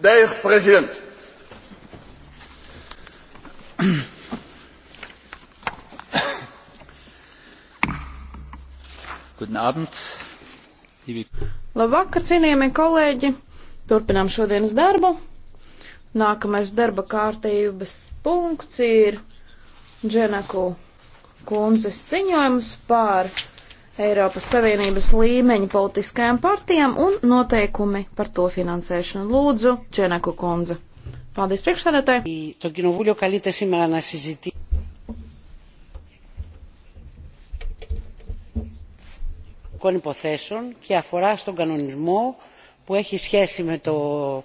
Dear President, Guten Abend. Labvakar, cienījamie kolēģi! Turpinām šodienas darbu. Nākamais darba kārtības punkts ir Dženeku kundzes ziņojums par Eiropas Savienības līmeņa politiskajām partijām un noteikumi par to finansēšanu. Lūdzu, Čenaku kundze. Paldies priekšsēdētāji. υποθέσεων και αφορά στον κανονισμό που έχει σχέση με το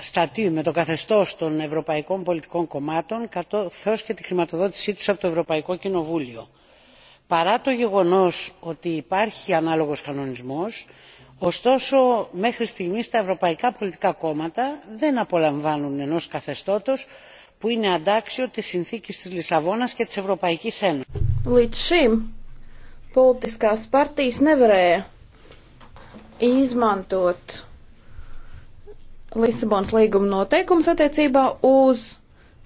στατή με το καθεστώς των ευρωπαϊκών πολιτικών κομμάτων καθώς και τη χρηματοδότησή τους από το Ευρωπαϊκό Κοινοβούλιο παρά το γεγονός ότι υπάρχει ανάλογος κανονισμός ωστόσο μέχρι στιγμής τα ευρωπαϊκά πολιτικά κόμματα δεν απολαμβάνουν ενός καθεστώτος που είναι αντάξιο της συνθήκης της Λισαβόνας και της Ευρωπαϊκής Ένωσης. Līdz šim politiskās partijas nevarēja izmantot Lisabonas līguma noteikums attiecībā uz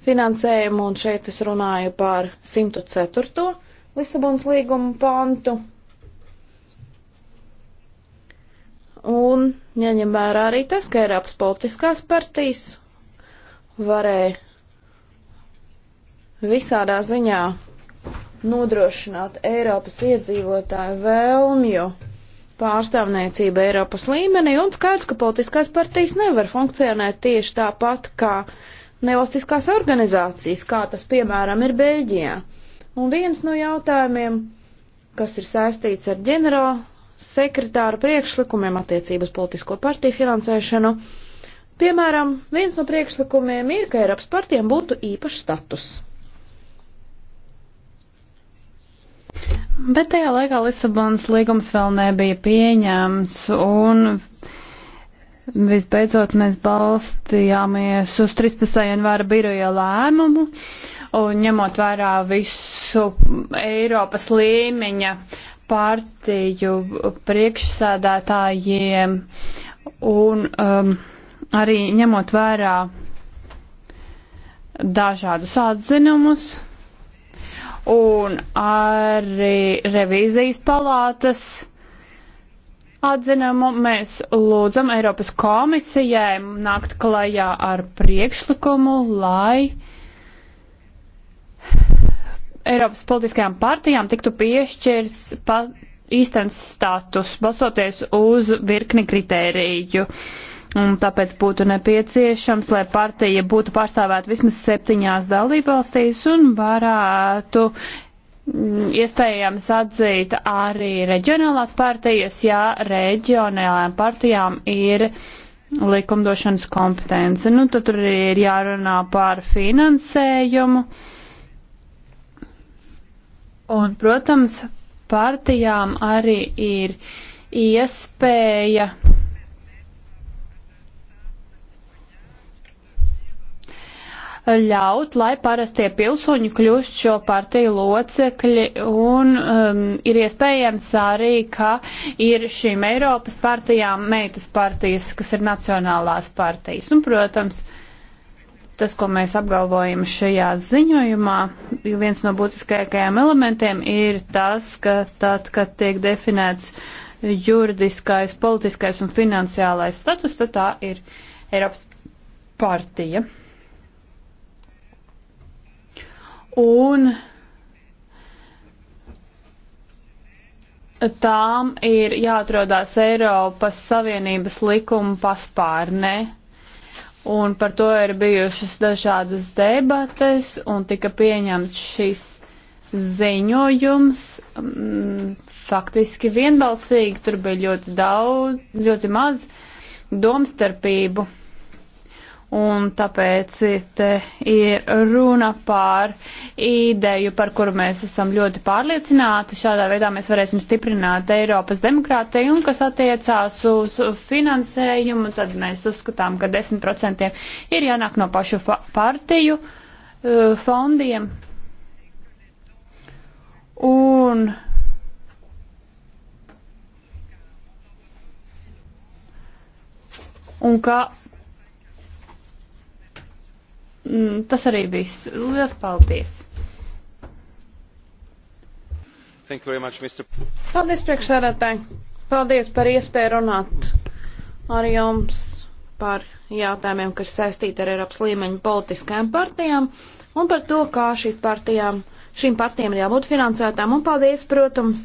finansējumu, un šeit es runāju par 104. Lisabonas līguma pantu. Un ņem vērā arī tas, ka Eiropas politiskās partijas varēja visādā ziņā nodrošināt Eiropas iedzīvotāju vēlmju pārstāvniecību Eiropas līmenī, un skaidrs, ka politiskās partijas nevar funkcionēt tieši tāpat kā nevalstiskās organizācijas, kā tas, piemēram, ir Beļģijā. Un viens no jautājumiem, kas ir saistīts ar ģenerālu sekretāru priekšlikumiem attiecības politisko partiju finansēšanu, piemēram, viens no priekšlikumiem ir, ka Eiropas partijām būtu īpašs status. Bet tajā laikā Lisabonas līgums vēl nebija pieņēmts un visbeidzot mēs balstījāmies uz 13. janvāra biroja lēmumu. Uh, un ņemot vērā visu Eiropas līmeņa partiju priekšsēdētājiem un um, arī ņemot vērā dažādus atzinumus un arī revīzijas palātas atzinumu mēs lūdzam Eiropas komisijai nākt klajā ar priekšlikumu, lai Eiropas politiskajām partijām tiktu piešķirs pa, īstens status, balstoties uz virkni kritēriju. Un tāpēc būtu nepieciešams, lai partija būtu pārstāvēta vismaz septiņās dalībvalstīs un varētu mm, iespējams atzīt arī reģionālās partijas, ja reģionālajām partijām ir likumdošanas kompetence. Nu, tad tur ir jārunā par finansējumu. Uh, Un, protams, partijām arī ir iespēja ļaut, lai parastie pilsoņi kļūst šo partiju locekļi, un um, ir iespējams arī, ka ir šīm Eiropas partijām meitas partijas, kas ir nacionālās partijas. Un, protams, uh, tas, ko mēs apgalvojam šajā ziņojumā, viens no būtiskākajiem elementiem ir tas, ka tad, kad tiek definēts juridiskais, politiskais un finansiālais status, tad tā ir Eiropas partija. Un tām ir jāatrodās Eiropas Savienības likuma paspārnē. Ne? un par to ir bijušas dažādas debates, un tika pieņemts šis ziņojums mm, faktiski vienbalsīgi, tur bija ļoti daudz, ļoti maz domstarpību un tāpēc te ir runa par ideju, par kuru mēs esam ļoti pārliecināti. Šādā veidā mēs varēsim stiprināt Eiropas demokrātiju, un kas attiecās uz finansējumu, tad mēs uzskatām, ka 10% ir jānāk no pašu partiju eh, fondiem. Un un ka Mm, tas arī viss. Lielas paldies! Much, Mr. Paldies, priekšsēdētāji! Paldies par iespēju runāt ar jums par jautājumiem, kas saistīti ar Eiropas līmeņu politiskajām partijām un par to, kā šīs partijām, šīm partijām ir jābūt finansētām. Un paldies, protams,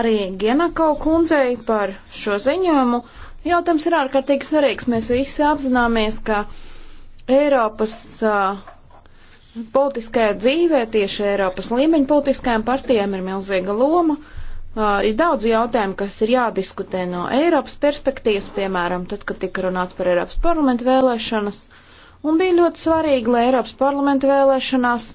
arī Gienakau kundzei par šo ziņojumu. Jautājums ir ārkārtīgi svarīgs. Mēs visi apzināmies, ka Eiropas uh, politiskajā dzīvē, tieši Eiropas līmeņa politiskajām partijām ir milzīga loma. Uh, ir daudz jautājumu, kas ir jādiskutē no Eiropas perspektīvas, piemēram, tad, kad tika runāts par Eiropas parlamentu vēlēšanas. Un bija ļoti svarīgi, lai Eiropas parlamentu vēlēšanās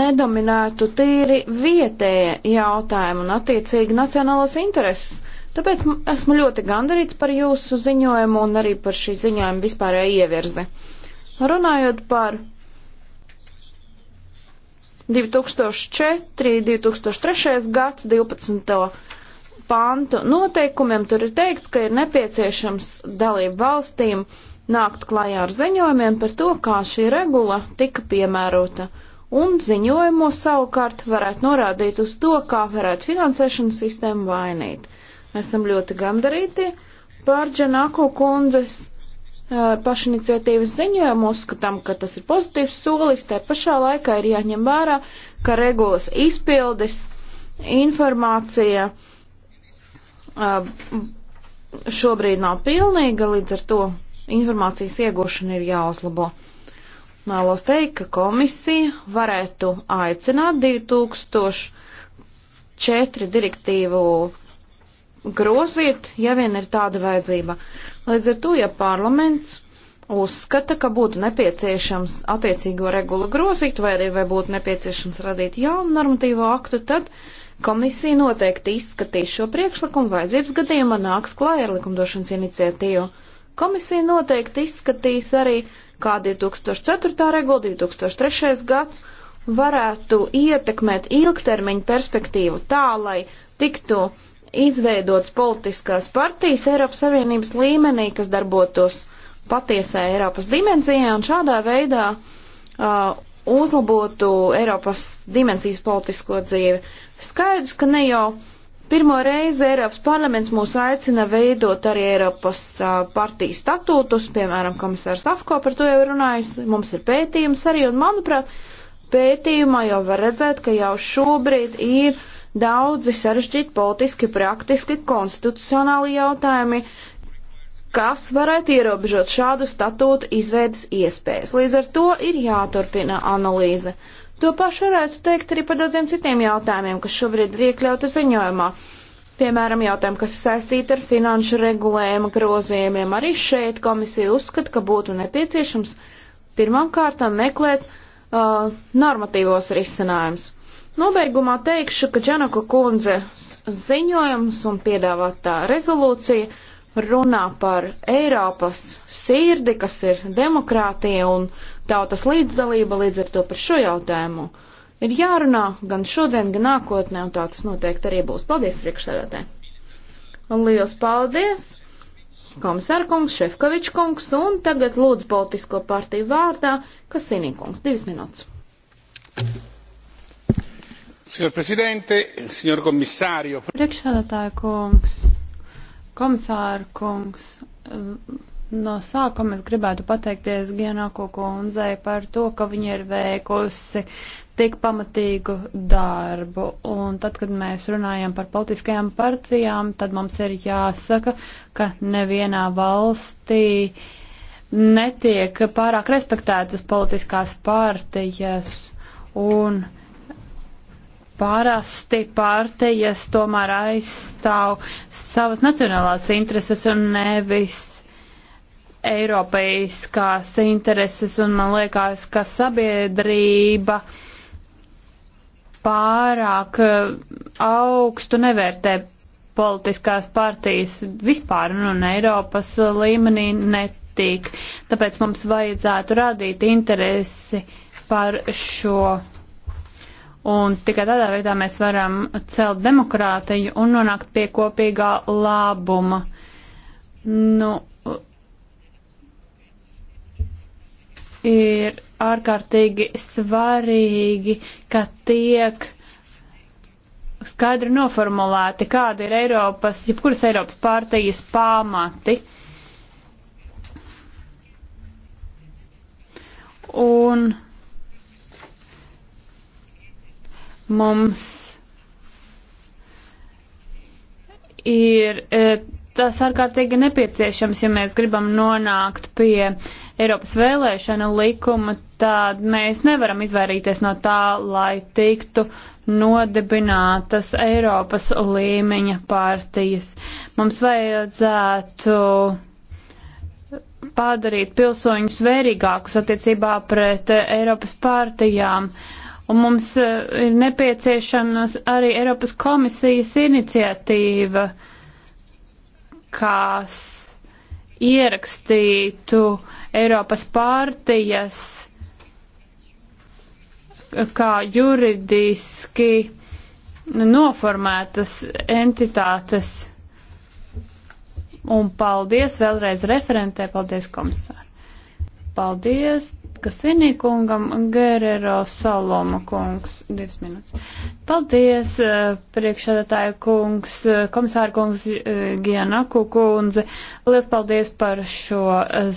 nedominētu tīri vietējie jautājumi un attiecīgi nacionālās intereses. Tāpēc esmu ļoti gandarīts par jūsu ziņojumu un arī par šī ziņojuma vispārēju ievirzi. Uh, Runājot par 2004, 2003 gads, 12. pantu noteikumiem, tur ir teikts, ka ir nepieciešams dalību valstīm nākt klajā ar ziņojumiem par to, kā šī regula tika piemērota. Un ziņojumos savukārt varētu norādīt uz to, kā varētu finansēšanas sistēmu vainīt. Esam ļoti gandarīti pār Džanako kundzes pašiniciatīvas ziņojumu, uzskatām, ka tas ir pozitīvs solis, te pašā laikā ir jāņem vērā, ka regulas izpildes informācija šobrīd nav pilnīga, līdz ar to informācijas iegūšana ir jāuzlabo. Mēlos teikt, ka komisija varētu aicināt 2004 direktīvu grozīt, ja vien ir tāda vajadzība. Līdz ar to, ja parlaments uzskata, ka būtu nepieciešams attiecīgo regulu grozīt vai arī vai būtu nepieciešams radīt jaunu normatīvo aktu, tad komisija noteikti izskatīs šo priekšlikumu vajadzības gadījumā nāks klāja ar likumdošanas iniciatīvu. Komisija noteikti izskatīs arī, kā 2004. regula, 2003. gads varētu ietekmēt ilgtermiņu perspektīvu tā, lai tiktu izveidots politiskās partijas Eiropas Savienības līmenī, kas darbotos patiesā Eiropas dimensijā un šādā veidā uh, uzlabotu Eiropas dimensijas politisko dzīvi. Skaidrs, ka ne jau pirmo reizi Eiropas parlaments mūs aicina veidot arī Eiropas uh, partijas statūtus, piemēram, komisārs Afko par to jau runājis, mums ir pētījums arī, un manuprāt, pētījumā jau var redzēt, ka jau šobrīd ir uh, daudzi sarežģīti politiski, praktiski, konstitucionāli jautājumi, kas varētu ierobežot šādu statūtu izveidas iespējas. Līdz ar to ir jāturpina analīze. To pašu varētu teikt arī par daudziem citiem jautājumiem, kas šobrīd ir iekļauti ziņojumā. Piemēram, jautājumi, kas saistīti ar finanšu regulējuma grozījumiem. Arī šeit komisija uzskata, ka būtu nepieciešams pirmām kārtām meklēt uh, normatīvos risinājumus. Nobeigumā teikšu, ka Džanaka kundze ziņojums un piedāvātā rezolūcija runā par Eiropas sirdi, kas ir demokrātija un tautas līdzdalība līdz ar to par šo jautājumu. Ir jārunā gan šodien, gan nākotnē, un tā tas noteikti arī būs. Paldies, priekšsēdētē! Un liels paldies! Komisārkungs, Šefkovičkungs un tagad lūdzu politisko partiju vārdā Kasinīkungs. Divas minūtes. Signor Presidente, signor Komisārio. Priekšsēdētāja kungs, komisāra kungs, no sākuma es gribētu pateikties Gienāko kundzei par to, ka viņa ir veikusi tik pamatīgu darbu. Un tad, kad mēs runājam par politiskajām partijām, tad mums ir jāsaka, ka nevienā valstī netiek pārāk respektētas politiskās partijas. Un uh, Parasti pārtejas tomēr aizstāv savas nacionālās intereses un nevis eiropeiskās intereses, un man liekas, ka sabiedrība pārāk eh, augstu nevērtē politiskās partijas vispār un, nu, un Eiropas līmenī netīk. Tāpēc mums vajadzētu radīt interesi par šo Un tikai tādā veidā mēs varam celt demokrātiju un nonākt pie kopīgā labuma. Nu, ir ārkārtīgi svarīgi, ka tiek skaidri noformulēti, kāda ir Eiropas, jebkuras Eiropas pārtījas pamati. Un Mums ir e, tas ārkārtīgi nepieciešams, ja mēs gribam nonākt pie Eiropas vēlēšanu likuma, tad mēs nevaram izvairīties no tā, lai tiktu nodibinātas Eiropas līmeņa partijas. Mums vajadzētu padarīt pilsoņus vērīgākus attiecībā pret Eiropas partijām. Uh, Un mums eh, ir nepieciešamas arī Eiropas komisijas iniciatīva, kas ierakstītu Eiropas pārtijas kā juridiski noformētas entitātes. Un paldies vēlreiz referentē, paldies komisāri. Paldies, Kasinī kungam, Gerero Saloma kungs, divas minūtes. Paldies, eh, priekšsēdētāja kungs, eh, komisāra kungs eh, Gianaku kundze. Lielas paldies par šo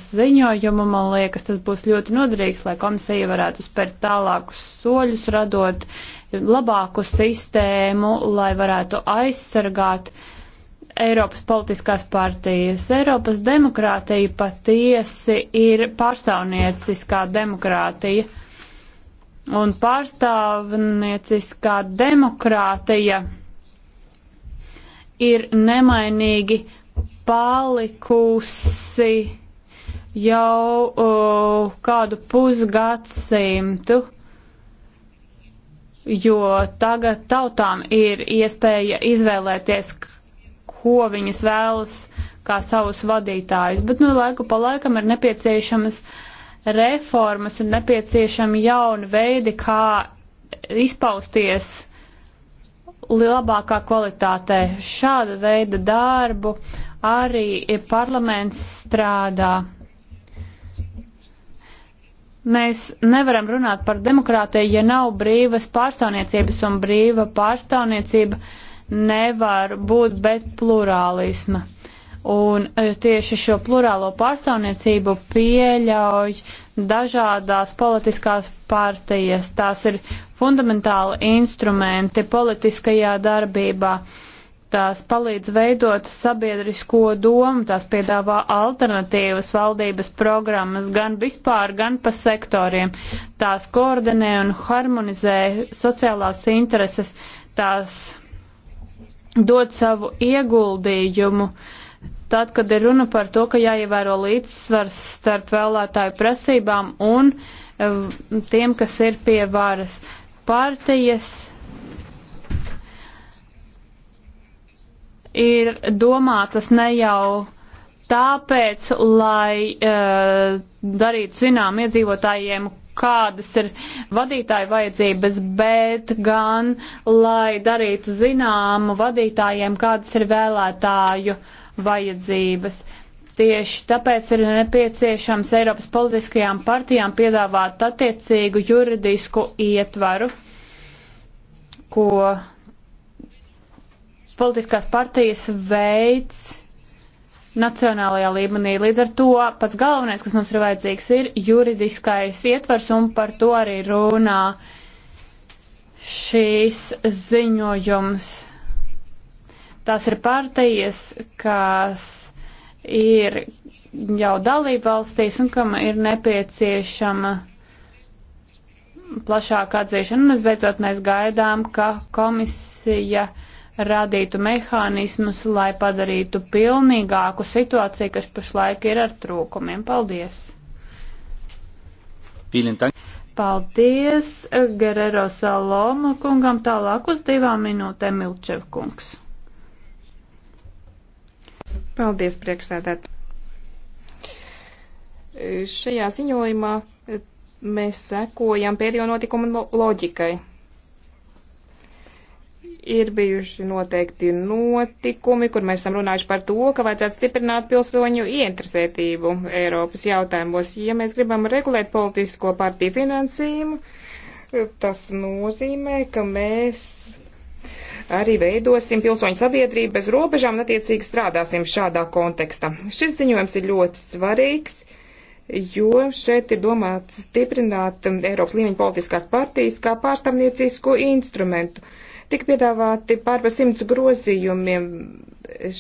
ziņojumu. Man liekas, tas būs ļoti noderīgs, lai komisija varētu spērt tālākus soļus, radot labāku sistēmu, lai varētu aizsargāt uh, Eiropas politiskās partijas. Eiropas demokrātija patiesi ir pārstāvnieciskā demokrātija. Un pārstāvnieciskā demokrātija ir nemainīgi palikusi jau uh, kādu pusgadsimtu jo tagad tautām ir iespēja izvēlēties, ko viņas vēlas kā savus vadītājus. Bet nu, laiku pa laikam ir nepieciešamas reformas un nepieciešami jauni veidi, kā izpausties labākā kvalitātē. Šāda veida darbu arī parlaments strādā mēs nevaram runāt par demokrātiju, ja nav brīvas pārstāvniecības un brīva pārstāvniecība nevar būt bez plurālisma. Un e, tieši šo plurālo pārstāvniecību pieļauj dažādās politiskās partijas. Tās ir fundamentāli instrumenti politiskajā darbībā. Tās palīdz veidot sabiedrisko domu, tās piedāvā alternatīvas valdības programmas gan vispār, gan pa sektoriem. Tās koordinē un harmonizē sociālās intereses, tās dod savu ieguldījumu. Tad, kad ir runa par to, ka jāievēro līdzsvars starp vēlētāju prasībām un eh, tiem, kas ir pie varas partijas, ir domātas ne jau tāpēc, lai uh, darītu zinām iedzīvotājiem, kādas ir vadītāju vajadzības, bet gan, lai darītu zināmu vadītājiem, kādas ir vēlētāju vajadzības. Tieši tāpēc ir nepieciešams Eiropas politiskajām partijām piedāvāt attiecīgu juridisku ietvaru, ko politiskās partijas veids nacionālajā līmenī. Līdz ar to pats galvenais, kas mums ir vajadzīgs, ir juridiskais ietvers, un par to arī runā šīs ziņojums. Tās ir partijas, kas ir jau dalība valstīs un kam ir nepieciešama plašāka atzīšana. Un, visbeidzot, mēs gaidām, ka komisija uh, radītu mehānismus, lai padarītu pilnīgāku situāciju, kas pašlaik ir ar trūkumiem. Paldies! Paldies eh, Gerero Saloma kungam, tālāk uz divām minūtēm Milčev kungs. Paldies, priekšsēdētāji! Šajā ziņojumā eh, mēs sekojam pēdējo notikumu loģikai ir bijuši noteikti notikumi, kur mēs esam runājuši par to, ka vajadzētu stiprināt pilsoņu ieinteresētību Eiropas jautājumos. Ja mēs gribam regulēt politisko partiju finansējumu, tas nozīmē, ka mēs arī veidosim pilsoņu sabiedrību bez robežām un attiecīgi strādāsim šādā kontekstā. Šis ziņojums ir ļoti svarīgs jo šeit ir domāts stiprināt Eiropas līmeņa politiskās partijas kā pārstāvniecisko instrumentu. Uh, Tik piedāvāti pārpa simts grozījumiem.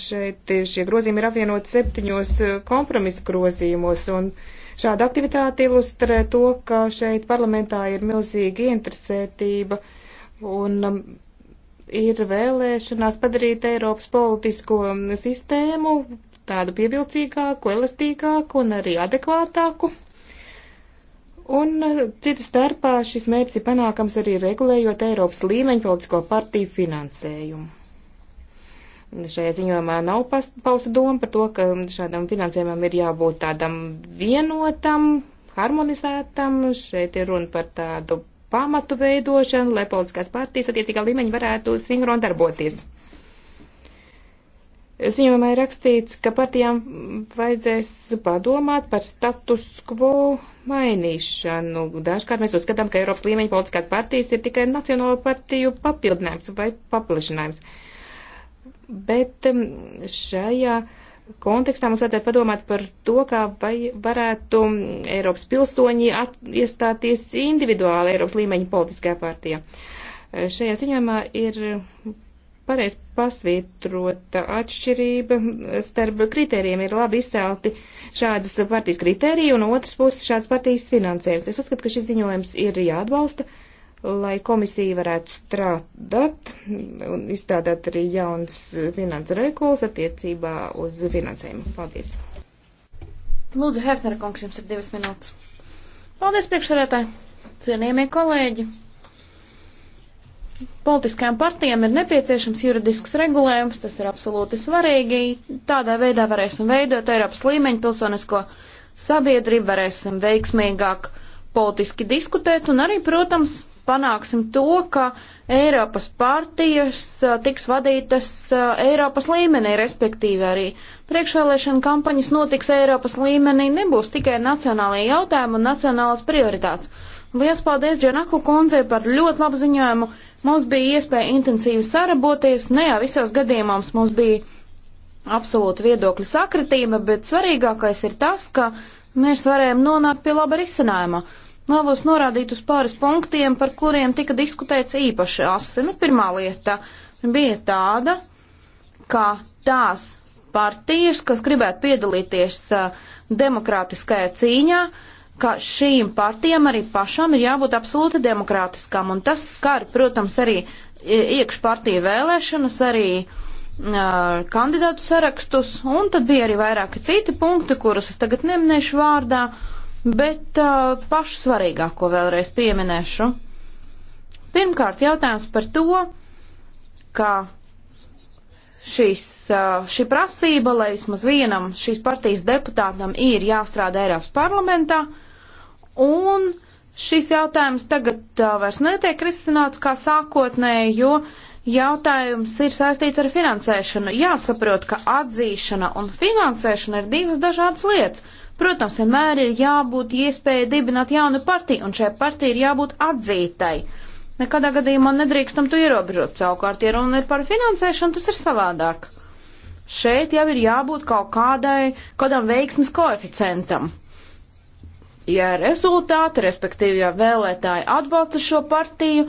Šeit šie grozījumi ir apvienoti septiņos eh, kompromisu grozījumos, un šāda aktivitāte ilustrē to, ka šeit parlamentā ir milzīga interesētība un um, ir vēlēšanās padarīt Eiropas politisko um, sistēmu tādu pievilcīgāku, elastīgāku un arī adekvātāku. Un eh, citu starpā šis mērķis ir panākams arī regulējot Eiropas līmeņu politisko partiju finansējumu. Šajā ziņojumā nav pausta doma par to, ka šādam finansējumam ir jābūt tādam vienotam, harmonizētam. Šeit ir runa par tādu pamatu veidošanu, lai politiskās partijas attiecīgā līmeņa varētu sinhroni darboties. Ziņojumā ir rakstīts, ka partijām vajadzēs padomāt par status quo mainīšanu. Dažkārt mēs uzskatām, ka Eiropas līmeņa politiskās partijas ir tikai nacionālo partiju papildinājums vai paplašinājums. Bet um, šajā kontekstā mums vajadzētu padomāt par to, kā vai varētu um, Eiropas pilsoņi iestāties individuāli Eiropas līmeņa politiskajā partijā. Šajā ziņojumā ir pareiz pasvītrota atšķirība starp kritērijiem. Ir labi izcelti šādas partijas kritērija un otrs puses šādas partijas finansējums. Es uzskatu, ka šis ziņojums ir jāatbalsta, lai komisija varētu strādāt un izstrādāt arī jauns finanses regulas attiecībā uz finansējumu. Paldies! Lūdzu, Hefner kungs, jums ir divas minūtes. Paldies, priekšsarētāji! Cienījamie kolēģi! politiskajām partijām ir nepieciešams juridisks regulējums, tas ir absolūti svarīgi. Tādā veidā varēsim veidot Eiropas līmeņu pilsonisko sabiedrību, varēsim veiksmīgāk politiski diskutēt un arī, protams, panāksim to, ka Eiropas partijas tiks vadītas Eiropas līmenī, respektīvi arī priekšvēlēšana kampaņas notiks Eiropas līmenī, nebūs tikai nacionālajie jautājumi un nacionālas prioritātes. Lielas paldies Džanaku kundzei par ļoti labu ziņojumu. Mums bija iespēja intensīvi saraboties, ne jau visos gadījumos mums bija absolūta viedokļa sakritība, bet svarīgākais ir tas, ka mēs varējām nonākt pie laba risinājuma. Vēlos norādīt uz pāris punktiem, par kuriem tika diskutēts īpaši asi. Nu, pirmā lieta bija tāda, ka tās partijas, kas gribētu piedalīties uh, demokrātiskajā cīņā, uh, ka šīm partijām arī pašām ir jābūt absolūti demokrātiskām, un tas skar, protams, arī e, iekšpartiju vēlēšanas, arī uh, kandidātu sarakstus, un tad bija arī vairāki citi punkti, kurus es tagad neminēšu vārdā, bet uh, pašu svarīgāko vēlreiz pieminēšu. Pirmkārt, jautājums par to, ka šīs, šī prasība, lai vismaz vienam šīs partijas deputātam ir jāstrādā Eiropas parlamentā, uh, un šis jautājums tagad uh, vairs netiek risināts kā sākotnēji, jo jautājums ir saistīts ar finansēšanu. Jāsaprot, ka atzīšana un finansēšana ir divas dažādas lietas. Protams, vienmēr ir jābūt iespēja dibināt jaunu partiju, un šai partijai ir jābūt atzītai. Nekādā gadījumā nedrīkstam to ierobežot. Savukārt, ja runa ir par finansēšanu, tas ir savādāk. Šeit jau ir jābūt kaut kādai, kādam veiksmes koeficientam ja rezultāti, respektīvi, ja vēlētāji atbalsta šo partiju,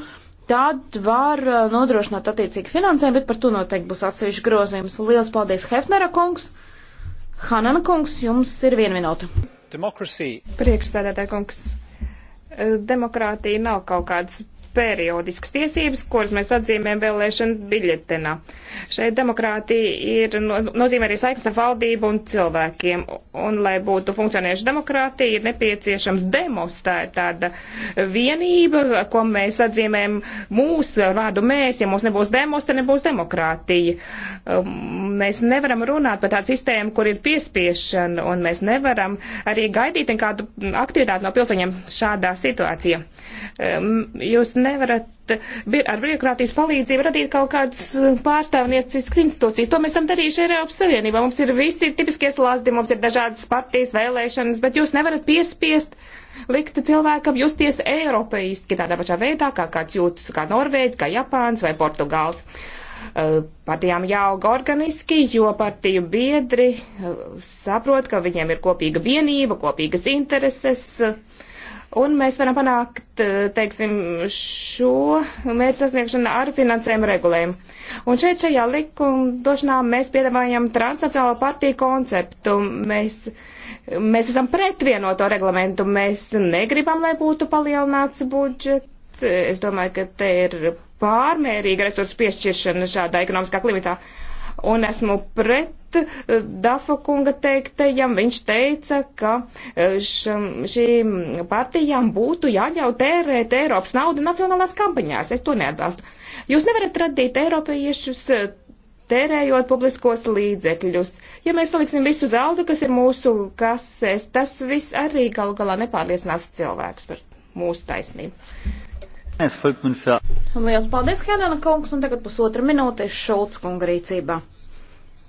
tad var uh, nodrošināt attiecīgi finansējumu, bet par to noteikti būs atsevišķi grozījums. Lielas paldies, Hefnera kungs! Hanana kungs, jums ir viena minūte. Priekšstādētāja kungs, eh, demokrātija nav kaut kāds periodiskas tiesības, kuras mēs atzīmējam vēlēšana biļetenā. Šeit demokrātija ir no, nozīmē arī saiknes ar valdību un cilvēkiem, un lai būtu funkcionējuša demokrātija, ir nepieciešams demos, tā ir tāda vienība, ko mēs atzīmējam mūsu vārdu mēs, ja mums nebūs demos, tad nebūs demokrātija. Um, mēs nevaram runāt par tādu sistēmu, kur ir piespiešana, un mēs nevaram arī gaidīt nekādu aktivitāti no pilsoņiem šādā situācijā. Um, jūs ne nevarat ar birokrātijas palīdzību radīt kaut kādas eh, pārstāvnieciskas institūcijas. To mēs esam darījuši Eiropas Savienībā. Mums ir visi tipiskie slazdi, mums ir dažādas partijas vēlēšanas, bet jūs nevarat piespiest likt cilvēkam justies eiropeiski tādā pašā veidā, kā kāds jūtas kā Norvēģis, kā Japāns vai Portugāls eh, partijām jāauga organiski, jo partiju biedri eh, saprot, ka viņiem ir kopīga vienība, kopīgas intereses, Un mēs varam panākt, eh, teiksim, šo mērķu sasniegšanu ar finansējumu regulējumu. Un šeit šajā likumdošanā mēs piedāvājam transnacionālo partiju konceptu. Mēs, mēs esam pret vienoto reglamentu. Mēs negribam, lai būtu palielināts budžets es domāju, ka te ir pārmērīga resursu piešķiršana šādā ekonomiskā klimatā un esmu pret eh, Dafa kunga teiktajam. Viņš teica, ka eh, šam, šīm partijām būtu jāļauj tērēt Eiropas naudu nacionālās kampaņās. Es to neatbalstu. Jūs nevarat radīt Eiropiešus eh, tērējot publiskos līdzekļus. Ja mēs saliksim visu zeltu, kas ir mūsu kasēs, tas viss arī galu galā nepārliecinās cilvēkus par mūsu taisnību. Lielas paldies, Helena kungs, un tagad pusotra minūte ir Šulc kunga rīcībā.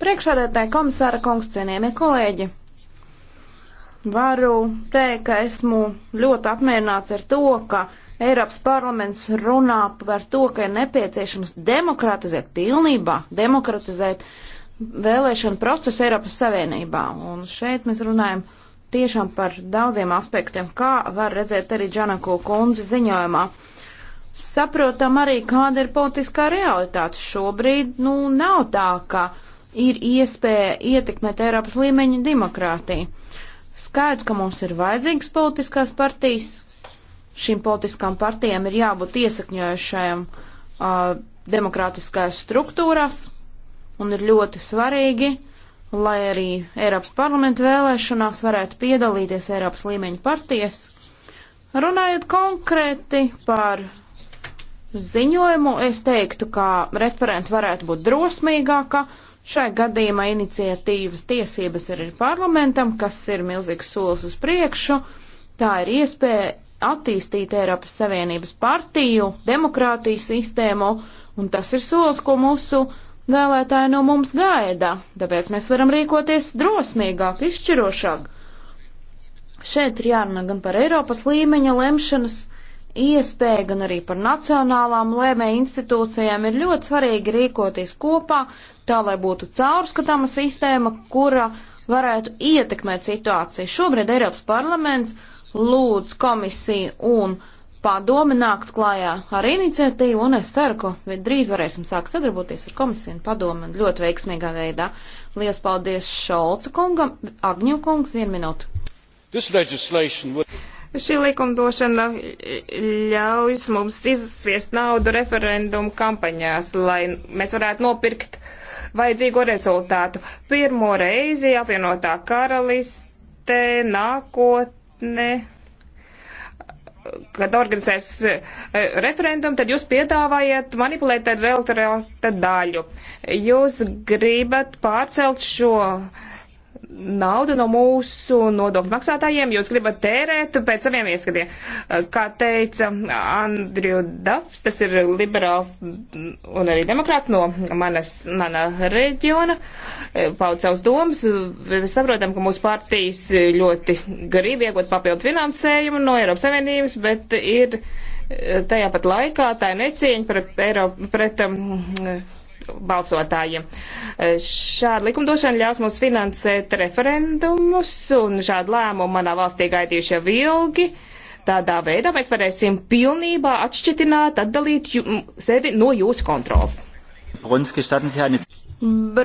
Priekšādētāji komisāra kungs, cienījamie kolēģi, varu teikt, ka esmu ļoti apmierināts ar to, ka Eiropas parlaments runā par to, ka ir nepieciešams demokratizēt pilnībā, demokratizēt vēlēšanu procesu Eiropas Savienībā. Un šeit mēs runājam tiešām par daudziem aspektiem, kā var redzēt arī Džanako kundze ziņojumā saprotam arī, kāda ir politiskā realitāte. Šobrīd nu, nav tā, ka ir iespēja ietekmēt Eiropas līmeņa demokrātiju. Skaidrs, ka mums ir vajadzīgas politiskās partijas. Šīm politiskām partijām ir jābūt iesakņojušajām uh, demokrātiskās struktūrās, un ir ļoti svarīgi, lai arī Eiropas parlamenta vēlēšanās varētu piedalīties Eiropas līmeņa partijas. Runājot konkrēti par ziņojumu. Es teiktu, ka referenti varētu būt drosmīgāka. Šai gadījumā iniciatīvas tiesības ir ir parlamentam, kas ir milzīgs solis uz priekšu. Tā ir iespēja attīstīt Eiropas Savienības partiju, demokrātijas sistēmu, un tas ir solis, ko mūsu vēlētāji no mums gaida. Tāpēc mēs varam rīkoties drosmīgāk, izšķirošāk. Šeit ir jārunā gan par Eiropas līmeņa lemšanas iespēja, gan arī par nacionālām lēmē institūcijām ir ļoti svarīgi rīkoties kopā, tā lai būtu caurskatāma sistēma, kura varētu ietekmēt situāciju. Šobrīd Eiropas parlaments lūdz komisiju un padomi nākt klājā ar iniciatīvu, un es ceru, ka drīz varēsim sākt sadarboties ar komisiju un padomu ļoti veiksmīgā veidā. Lielas paldies Šolca kungam, Agņu kungs, vienu minūtu. Would... Šī likumdošana ļauj mums izsviest naudu referendumu kampaņās, lai mēs varētu nopirkt vajadzīgo rezultātu. Pirmo reizi apvienotā karaliste nākotne kad organizēs e, referendumu, tad jūs piedāvājat manipulēt ar elektorāta daļu. Jūs gribat pārcelt šo naudu no mūsu nodokļu maksātājiem jūs gribat tērēt pēc saviem ieskatiem. Eh, kā teica Andriju Dafs, tas ir liberāls un arī demokrāts no manas, mana reģiona, eh, paudz savus domas. Mēs saprotam, ka mūsu partijas ļoti grib iegūt papildu finansējumu no Eiropas Savienības, bet ir eh, tajā pat laikā tā necieņa pret, Eiropa, pret um, balsotājiem. Šāda likumdošana ļaus mums finansēt referendumus, un šādu lēmumu manā valstī gaidījuši jau ilgi. Tādā veidā mēs varēsim pilnībā atšķitināt, atdalīt jū, sevi no jūsu kontrols.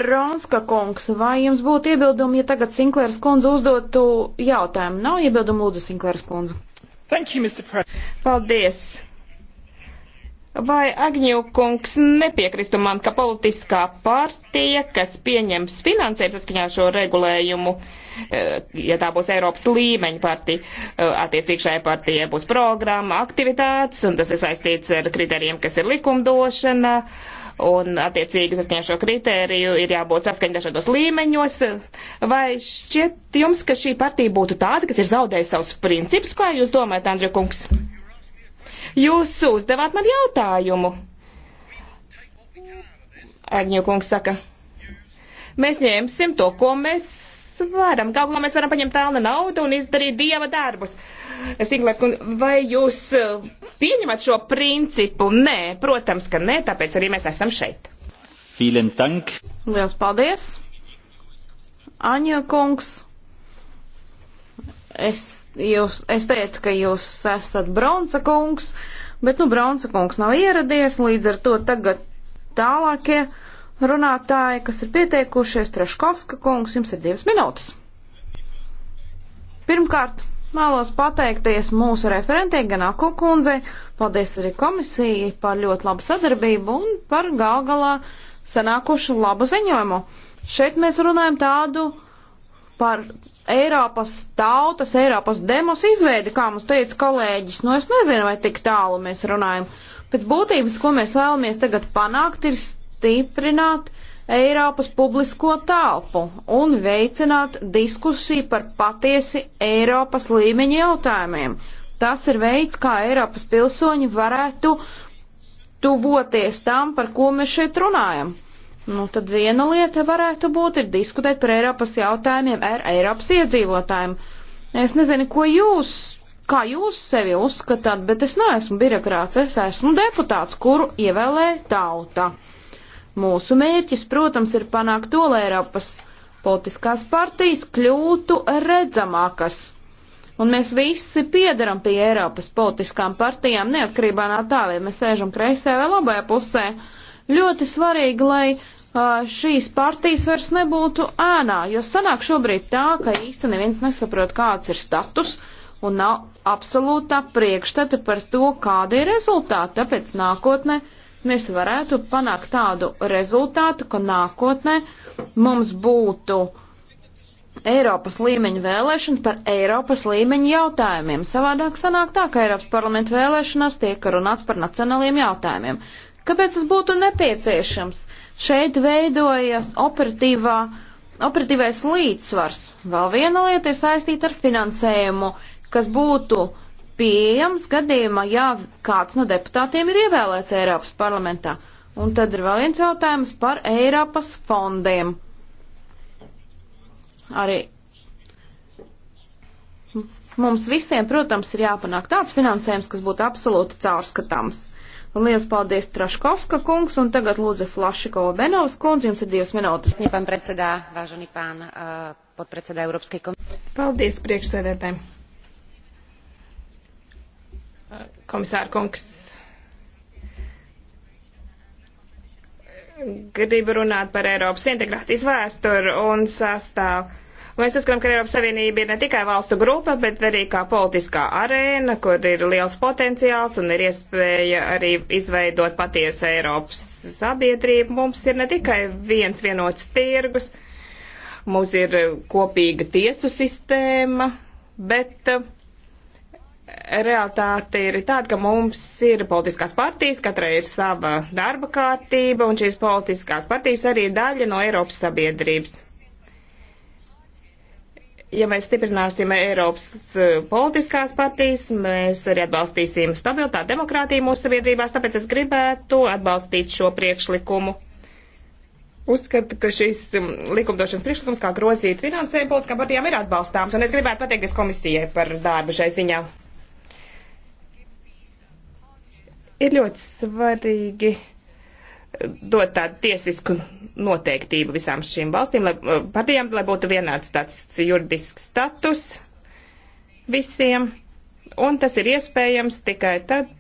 Bronska kungs, vai jums būtu iebildumi, ja tagad Sinklēras kundze uzdotu jautājumu? Nav iebildumu, lūdzu, Sinklēras kundze. Thank you, Mr. President. Paldies. Vai Agņukungs nepiekristu man, ka politiskā partija, kas pieņems finansējumu saskaņā šo regulējumu, eh, ja tā būs Eiropas līmeņa partija, eh, attiecīgi šai partijai būs programma, aktivitātes, un tas ir saistīts ar kriterijiem, kas ir likumdošana, un attiecīgi saskaņā šo kriteriju ir jābūt saskaņā dažādos līmeņos. Vai šķiet jums, ka šī partija būtu tāda, kas ir zaudējusi savus principus, kā jūs domājat, Andrija Kungs? Jūs uzdevāt man jautājumu. Agņokungs saka, mēs ņemsim to, ko mēs varam. Galvā mēs varam paņemt pelnu naudu un izdarīt dieva darbus. Singlēs, vai jūs eh, pieņemat šo principu? Nē, protams, ka nē, tāpēc arī mēs esam šeit. Vielen dank. Liels paldies. Aņa kungs, es Jūs, es teicu, ka jūs esat Bronsa kungs, bet nu Bronsa kungs nav ieradies, līdz ar to tagad tālākie runātāji, kas ir pieteikušies, Traškovska kungs, jums ir divas minūtes. Pirmkārt, vēlos pateikties mūsu referentei Ganako kundzei, paldies arī komisijai par ļoti labu sadarbību un par gal galā sanākušu labu ziņojumu. Šeit mēs runājam tādu par Eiropas tautas, Eiropas demos izveidi, kā mums teica kolēģis. Nu, es nezinu, vai tik tālu mēs runājam. Pēc būtības, ko mēs vēlamies tagad panākt, ir stiprināt Eiropas publisko telpu un veicināt diskusiju par patiesi Eiropas līmeņa jautājumiem. Tas ir veids, kā Eiropas pilsoņi varētu tuvoties tam, par ko mēs šeit runājam. Nu, tad viena lieta varētu būt ir diskutēt par Eiropas jautājumiem ar Eiropas iedzīvotājiem. Es nezinu, ko jūs, kā jūs sevi uzskatāt, bet es neesmu birokrāts, es esmu deputāts, kuru ievēlē tauta. Mūsu mērķis, protams, ir panākt to, lai Eiropas politiskās partijas kļūtu redzamākas. Un mēs visi piedaram pie Eiropas politiskām partijām, neatkarībā no tā, vai mēs sēžam kreisē vai labajā pusē. Ļoti svarīgi, lai šīs partijas vairs nebūtu ēnā, jo sanāk šobrīd tā, ka īsti neviens nesaprot, kāds ir status un nav absolūtā priekšstata par to, kāda ir rezultāta. Tāpēc nākotnē mēs varētu panākt tādu rezultātu, ka nākotnē mums būtu Eiropas līmeņa vēlēšana par Eiropas līmeņa jautājumiem. Savādāk sanāk tā, ka Eiropas parlamenta vēlēšanās tiek runāts par nacionāliem jautājumiem. Kāpēc tas būtu nepieciešams? Šeit veidojas operatīvā, operatīvais līdzsvars. Vēl viena lieta ir saistīta ar finansējumu, kas būtu pieejams gadījumā, ja kāds no deputātiem ir ievēlēts Eiropas parlamentā. Un tad ir vēl viens jautājums par Eiropas fondiem. Arī mums visiem, protams, ir jāpanāk tāds finansējums, kas būtu absolūti caurskatāms. Lielas paldies Traškovska kungs un tagad lūdzu Flašikova Benovas kundze, jums ir divas minūtes. Ņepam precedā, vāžani pān, uh, eh, podprecedā Eiropskai komisijai. Paldies priekšsēdētājiem. Komisāra kungs. Gribu runāt par Eiropas integrācijas vēsturu un sastāvu Mēs uzskatām, ka Eiropas Savienība ir ne tikai valstu grupa, bet arī kā politiskā arēna, kur ir liels potenciāls un ir iespēja arī izveidot patiesu Eiropas sabiedrību. Mums ir ne tikai viens vienots tirgus, mums ir kopīga tiesu sistēma, bet uh, realitāte ir tāda, ka mums ir politiskās partijas, katrai ir sava darba kārtība, un šīs politiskās partijas arī ir daļa no Eiropas sabiedrības ja mēs stiprināsim Eiropas eh, politiskās partijas, mēs arī atbalstīsim stabilitāti demokrātiju mūsu sabiedrībās, tāpēc es gribētu atbalstīt šo priekšlikumu. Uzskatu, ka šis mm, likumdošanas priekšlikums, kā grozīt finansējumu politiskām partijām, ir atbalstāms, un es gribētu pateikties komisijai par darbu šai ziņā. Ir ļoti svarīgi dot tādu tiesisku noteiktību visām šīm valstīm, lai, eh, partijām, lai būtu vienāds tāds juridisks status visiem. Un tas ir iespējams tikai tad,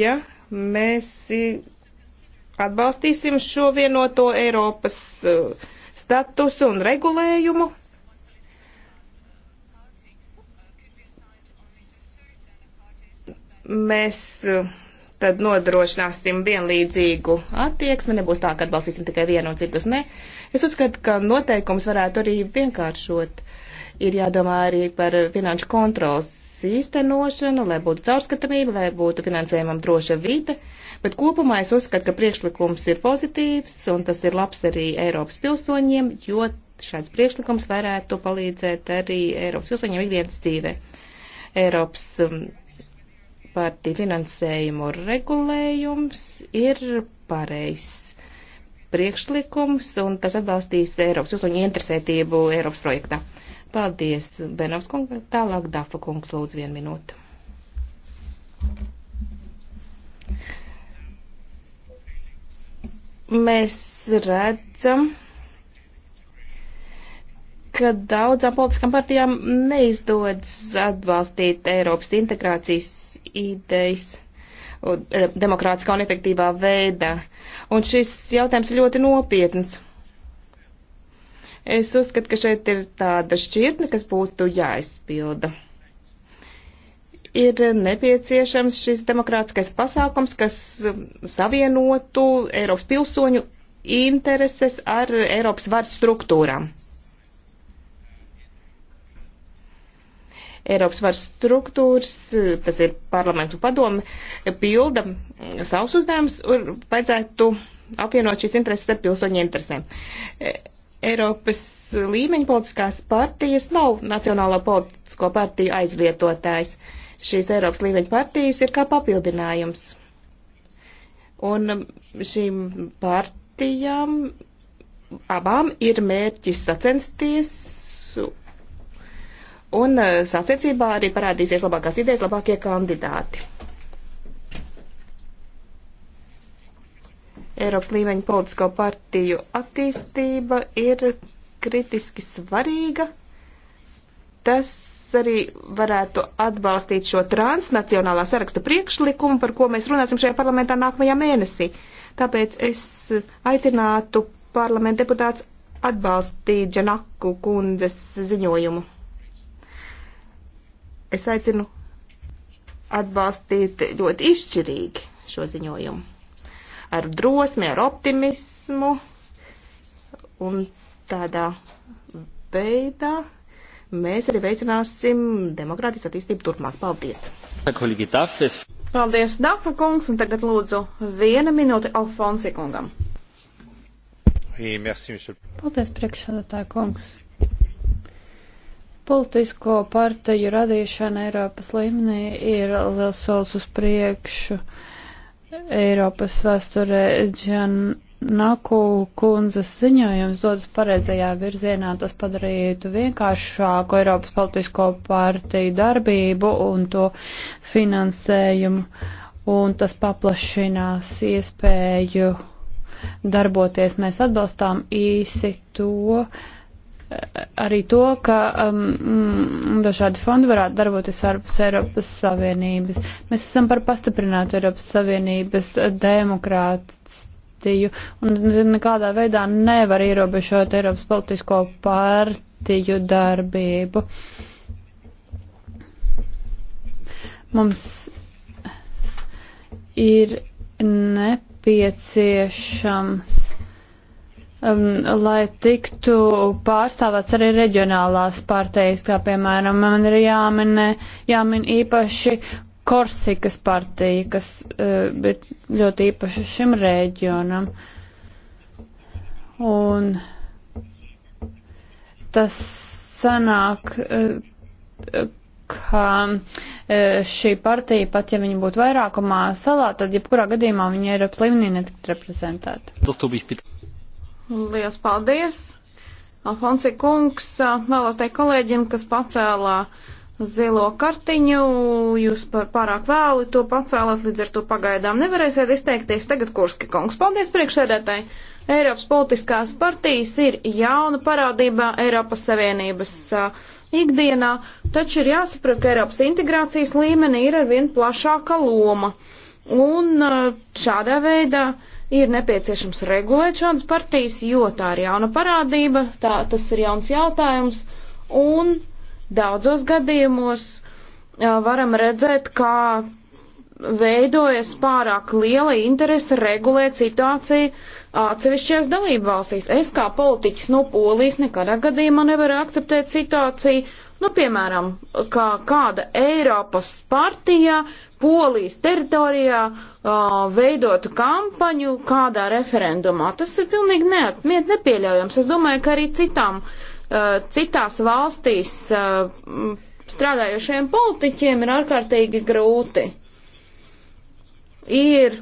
ja mēs atbalstīsim šo vienoto Eiropas eh, statusu un regulējumu. Mēs uh, tad nodrošināsim vienlīdzīgu attieksmi, nebūs tā, ka atbalstīsim tikai vienu un citus ne. Es uzskatu, ka noteikums varētu arī vienkāršot. Ir jādomā arī par finanšu kontrols īstenošanu, lai būtu caurskatamība, lai būtu finansējumam droša vide, bet kopumā es uzskatu, ka priekšlikums ir pozitīvs un tas ir labs arī Eiropas pilsoņiem, jo šāds priekšlikums varētu palīdzēt arī Eiropas pilsoņiem ikdienas dzīvē. Eiropas um, partiju finansējumu regulējums ir pareizs priekšlikums, un tas atbalstīs Eiropas uzloņu interesētību Eiropas projektā. Paldies, Benovs kungs. Tālāk Dafa kungs lūdzu vienu minūtu. Mēs redzam, ka daudzām politiskām partijām neizdodas atbalstīt Eiropas integrācijas idejas e, demokrātiskā un efektīvā veidā. Un šis jautājums ir ļoti nopietns. Es uzskatu, ka šeit ir tāda šķirtne, kas būtu jāizpilda. Ir nepieciešams šis demokrātiskais pasākums, kas e, savienotu Eiropas pilsoņu intereses ar Eiropas varas struktūrām. Eiropas varas struktūras, tas ir parlamentu padome, pilda savus uzdevumus un vajadzētu apvienot šīs intereses ar pilsoņu interesēm. E, Eiropas līmeņa politiskās partijas nav nacionālā politisko partiju aizvietotājs. Šīs Eiropas līmeņa partijas ir kā papildinājums. Un šīm partijām abām ir mērķis sacensties Un eh, sacensībā arī parādīsies labākās idejas, labākie kandidāti. Eiropas līmeņa politisko partiju attīstība ir kritiski svarīga. Tas arī varētu atbalstīt šo transnacionālā saraksta priekšlikumu, par ko mēs runāsim šajā parlamentā nākamajā mēnesī. Tāpēc es aicinātu parlamenta deputāts atbalstīt Džanaku kundzes ziņojumu. Es aicinu atbalstīt ļoti izšķirīgi šo ziņojumu. Ar drosmi, ar optimismu un tādā veidā mēs arī veicināsim demokrātijas attīstību turpmāk. Paldies! Paldies, Dafa kungs, un tagad lūdzu viena minūte Alfonsi kungam. Paldies, priekšsēdētāja kungs. Politisko partiju radīšana Eiropas līmenī ir liels solis uz priekšu. Eiropas vēsturē Džanaku kundzes ziņojums dodas pareizajā virzienā, tas padarītu vienkāršāku Eiropas politisko partiju darbību un to finansējumu, un tas paplašinās iespēju darboties. Mēs atbalstām īsi to, uh, arī to, ka um, mm, dažādi fondi varētu darboties ārpus Eiropas Savienības. Mēs esam par pastiprinātu Eiropas Savienības demokrātiju un nekādā veidā nevar ierobežot Eiropas politisko partiju darbību. Mums ir nepieciešams um, lai tiktu pārstāvāts arī reģionālās partijas, kā piemēram man ir jāminē, jāmin īpaši Korsikas partija, kas uh, ir ļoti īpaši šim reģionam. Un tas sanāk, uh, ka uh, šī partija, pat ja viņa būtu vairākumā salā, tad jebkurā gadījumā viņa ir līmenī netikt reprezentēta. Lielas paldies! Alfonsi kungs, vēlos teikt kolēģiem, kas pacēlā zilo kartiņu, jūs par pārāk vēlu to pacēlāt, līdz ar to pagaidām nevarēsiet izteikties. Tagad Kurski kungs, paldies priekšsēdētāji! Eiropas politiskās partijas ir jauna parādība Eiropas Savienības uh, ikdienā, taču ir jāsaprot, ka Eiropas integrācijas līmenī ir arvien plašāka loma. Un uh, šādā veidā uh, ir nepieciešams regulēt šādas partijas, jo tā ir jauna parādība, tā, tas ir jauns jautājums, un daudzos gadījumos varam redzēt, kā veidojas pārāk liela interese regulēt situāciju atsevišķajās dalību valstīs. Es kā politiķis no Polijas nekādā gadījumā nevaru akceptēt situāciju, nu, piemēram, kā kāda Eiropas partija Polijas teritorijā uh, veidotu kampaņu kādā referendumā. Tas ir pilnīgi neatmiet nepieļaujams. Es domāju, ka arī citām, uh, citās valstīs uh, strādājošiem politiķiem ir ārkārtīgi grūti. Ir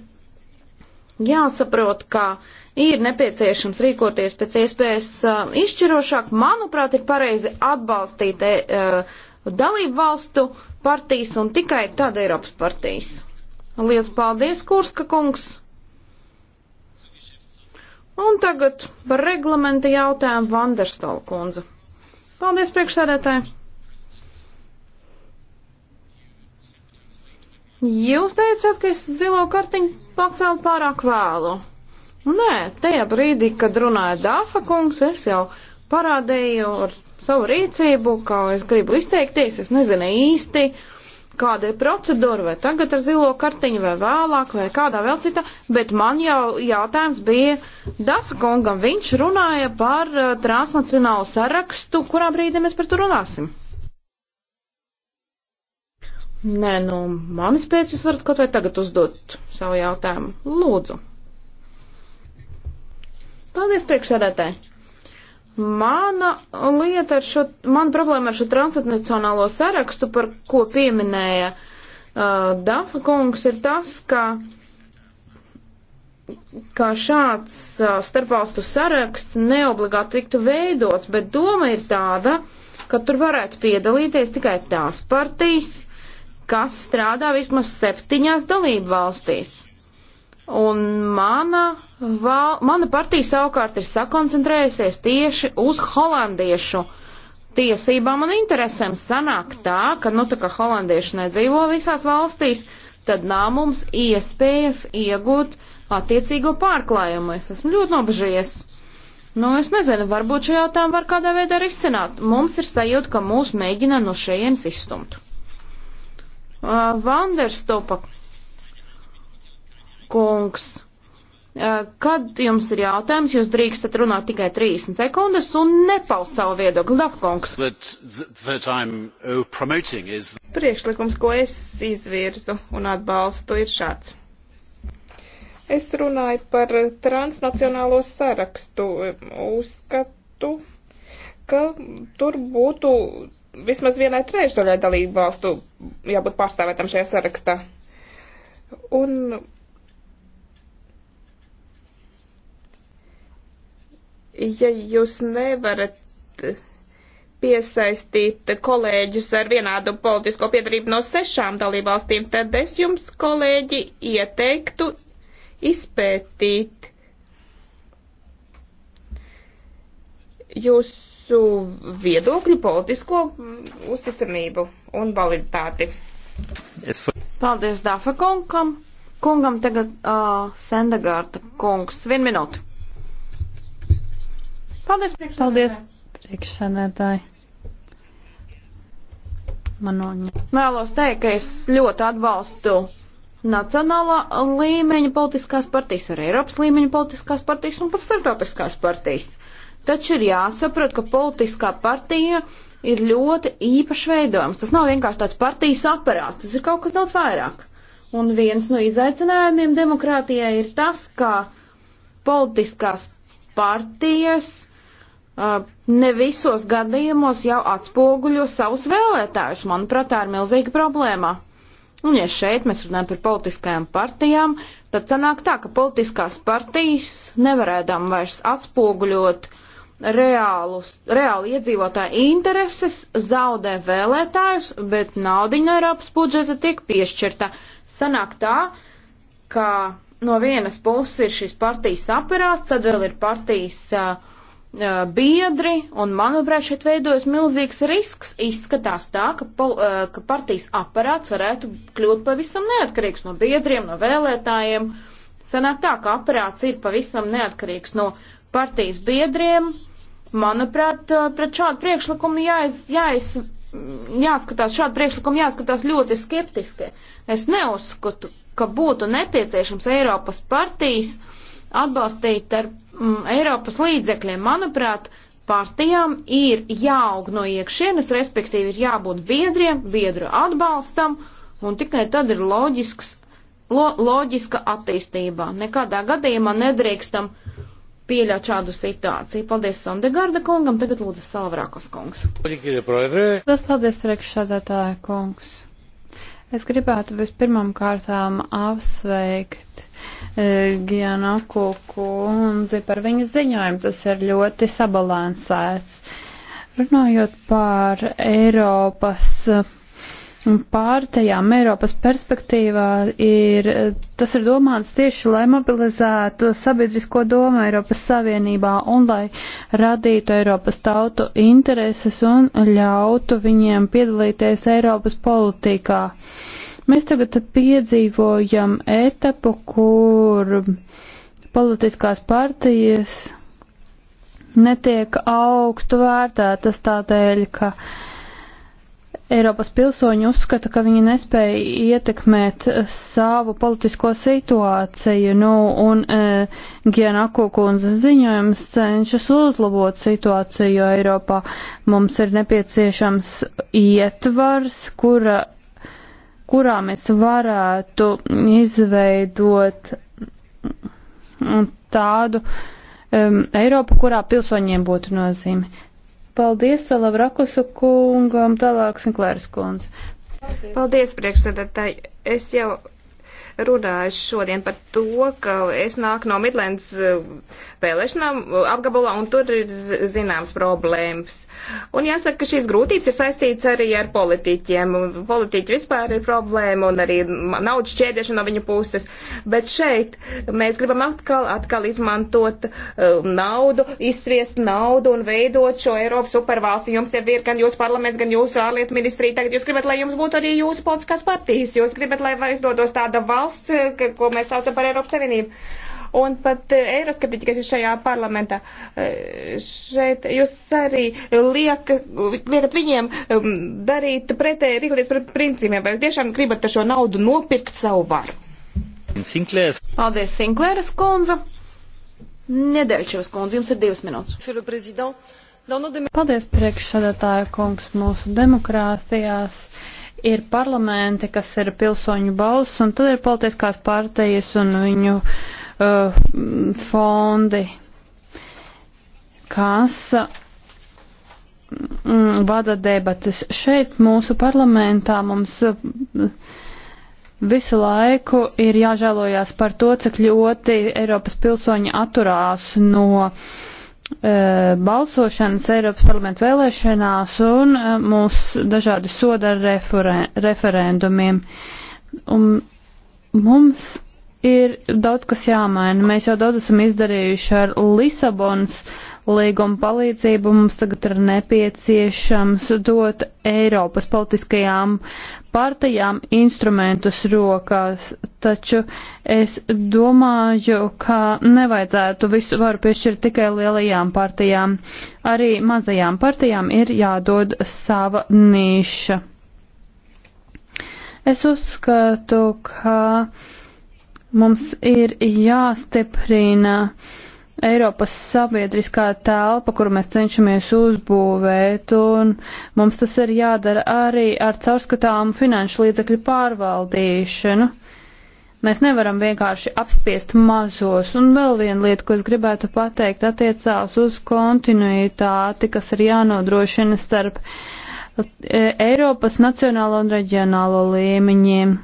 jāsaprot, ka ir nepieciešams rīkoties pēc iespējas uh, izšķirošāk. Manuprāt, ir pareizi atbalstīt. Uh, dalību valstu partijas un tikai tad Eiropas partijas. Lielas paldies, Kurska kungs! Un tagad par reglamenta jautājumu Vanderstola kundze. Paldies, priekšsēdētāji! Jūs teicāt, ka es zilo kartiņu pacēlu pārāk vēlu. Nē, tajā brīdī, kad runāja Dāfa kungs, es jau parādīju ar savu rīcību, kā es gribu izteikties, es nezinu īsti, kāda ir procedūra, vai tagad ar zilo kartiņu, vai vēlāk, vai kādā vēl citā, bet man jau jautājums bija Dafa kungam, viņš runāja par uh, transnacionālu sarakstu, kurā brīdī mēs par to runāsim. Nē, nu, manis pēc jūs varat kaut vai tagad uzdot savu jautājumu. Lūdzu. Paldies priekšsēdētāji. Mana lieta ar šo, mana problēma ar šo transnacionālo sarakstu, par ko pieminēja uh, Dafa kungs, ir tas, ka, ka šāds uh, starpvalstu saraksts neobligāti tiktu veidots, bet doma ir tāda, ka tur varētu piedalīties tikai tās partijas, kas strādā vismaz septiņās dalību valstīs. Un mana, val, mana partija savukārt ir sakoncentrējusies tieši uz holandiešu tiesībām un interesēm. Sanāk tā, ka, nu, tā kā holandieši nedzīvo visās valstīs, tad nav mums iespējas iegūt attiecīgo pārklājumu. Es esmu ļoti nobežies. Nu, es nezinu, varbūt šo jautājumu var kādā veidā risināt. Mums ir sajūta, ka mūs mēģina no šejienes izstumt. Uh, Vanderstopa kungs, kad jums ir jautājums, jūs drīkstat runāt tikai 30 sekundes un nepaust savu viedokli, Dafkungs. Oh, is... Priekšlikums, ko es izvirzu un atbalstu, ir šāds. Es runāju par transnacionālo sarakstu. Uzskatu, ka tur būtu vismaz vienai trešdaļai dalību valstu jābūt pārstāvētam šajā sarakstā. Un ja jūs nevarat piesaistīt kolēģus ar vienādu politisko piedarību no sešām dalībvalstīm, tad es jums, kolēģi, ieteiktu izpētīt jūsu viedokļu politisko mm, uzticamību un validitāti. Paldies Dafa kungam. Kungam tagad uh, Sendagārta kungs. Vienu minūtu. Paldies, priekšsēdētāji. Paldies, priekšsēdētāji. Manoņa. Vēlos teikt, ka es ļoti atbalstu nacionālā līmeņa politiskās partijas, arī Eiropas līmeņa politiskās partijas un pat starptautiskās partijas. Taču ir jāsaprot, ka politiskā partija ir ļoti īpašs veidojums. Tas nav vienkārši tāds partijas aparāts, tas ir kaut kas daudz vairāk. Un viens no izaicinājumiem demokrātijai ir tas, ka politiskās partijas ne visos gadījumos jau atspoguļo savus vēlētājus. Manuprāt, tā ir milzīga problēma. Un ja šeit mēs runājam par politiskajām partijām, tad sanāk tā, ka politiskās partijas nevarēdām vairs atspoguļot reālus, reāli iedzīvotāju intereses, zaudē vēlētājus, bet naudiņa no Eiropas budžeta tiek piešķirta. Sanāk tā, ka no vienas puses ir šīs partijas aparāts, tad vēl ir partijas uh, biedri, un manuprāt, šeit veidojas milzīgs risks. Izskatās tā, ka, po, ka partijas aparāts varētu kļūt pavisam neatkarīgs no biedriem, no vēlētājiem. Sanāk tā, ka aparāts ir pavisam neatkarīgs no partijas biedriem. Manuprāt, pret šādu priekšlikumu jāiz, jāiz, jāskatās, šādu priekšlikumu jāskatās ļoti skeptiski. Es neuzskatu, ka būtu nepieciešams Eiropas partijas atbalstīt ar mm, Eiropas līdzekļiem, manuprāt, partijām ir jāaug no iekšienes, respektīvi ir jābūt biedriem, biedru atbalstam, un tikai tad ir loģisks, lo, loģiska attīstība. Nekādā gadījumā nedrīkstam pieļaut šādu situāciju. Paldies Sondegarda kungam, tagad lūdzu Salvarākos kungs. Paldies, paldies priekšsādātāja kungs. Es gribētu vispirmam kārtām apsveikt Eh, Gianako kundzi par viņas ziņojumu. Tas ir ļoti sabalansēts. Runājot par Eiropas eh, pārtajām Eiropas perspektīvā ir, eh, tas ir domāts tieši, lai mobilizētu sabiedrisko domu Eiropas Savienībā un lai radītu Eiropas tautu intereses un ļautu viņiem piedalīties Eiropas politikā. Uh, Mēs tagad piedzīvojam etapu, kur politiskās partijas netiek augstu vērtētas tādēļ, ka Eiropas pilsoņi uzskata, ka viņi nespēja ietekmēt savu politisko situāciju, nu, un e, Gienako kundze ziņojums cenšas uzlabot situāciju Eiropā. Mums ir nepieciešams ietvars, kura kurā mēs varētu izveidot mm, tādu um, Eiropu, kurā pilsoņiem būtu nozīme. Paldies Lavrakusu kungam, tālāk Sinklērs kundze. Paldies, Paldies priekšsēdētāji. Es jau runājis šodien par to, ka es nāku no Midlands eh, vēlēšanām eh, apgabalā un tur ir zināms problēmas. Un jāsaka, ka šīs grūtības ir saistīts arī ar politiķiem. Politiķi vispār ir problēma un arī naudas šķēdēšana no viņa puses. Bet šeit mēs gribam atkal, atkal izmantot uh, naudu, izsviest naudu un veidot šo Eiropas supervalsti. Jums jau ir gan jūsu parlaments, gan jūsu ārlietu ministrija. Tagad jūs gribat, lai jums būtu arī jūsu politiskās partijas. Jūs gribat, lai izdodos tāda valsts valsts, ko mēs saucam par Eiropas Savienību. Un pat eh, eiroskeptiķi, kas ir šajā parlamentā, eh, šeit jūs arī lieka, liekat viņiem um, darīt pretēji, rīkoties pret principiem, vai tiešām gribat šo naudu nopirkt savu varu. Sinklēs. Paldies, Sinklēras kundze. Nedevičevas kundze, jums ir divas minūtes. Paldies, priekšsādātāja kungs, mūsu demokrācijās ir parlamenti, kas ir pilsoņu balss, un tad ir politiskās partijas un viņu uh, fondi, kas mm, vada debatas. Šeit mūsu parlamentā mums uh, visu laiku ir jāžēlojās par to, cik ļoti Eiropas pilsoņi atturās no uh, Uh, balsošanas Eiropas parlamenta vēlēšanās un uh, mūs dažādi soda ar referē, referendumiem. Un mums ir daudz kas jāmaina. Mēs jau daudz esam izdarījuši ar Lisabonas uh, līguma palīdzību mums tagad ir nepieciešams dot Eiropas politiskajām partijām instrumentus rokās, taču es domāju, ka nevajadzētu visu varu piešķirt tikai lielajām partijām. Arī mazajām partijām ir jādod sava nīša. Es uzskatu, ka mums ir jāstiprina uh, Eiropas sabiedriskā telpa, kuru mēs cenšamies uzbūvēt, un mums tas ir jādara arī ar caurskatāmu finanšu līdzekļu pārvaldīšanu. Mēs nevaram vienkārši apspiest mazos, un vēl viena lieta, ko es gribētu pateikt, attiecās uz kontinuitāti, kas ir jānodrošina starp e, Eiropas nacionālo un reģionālo līmeņiem.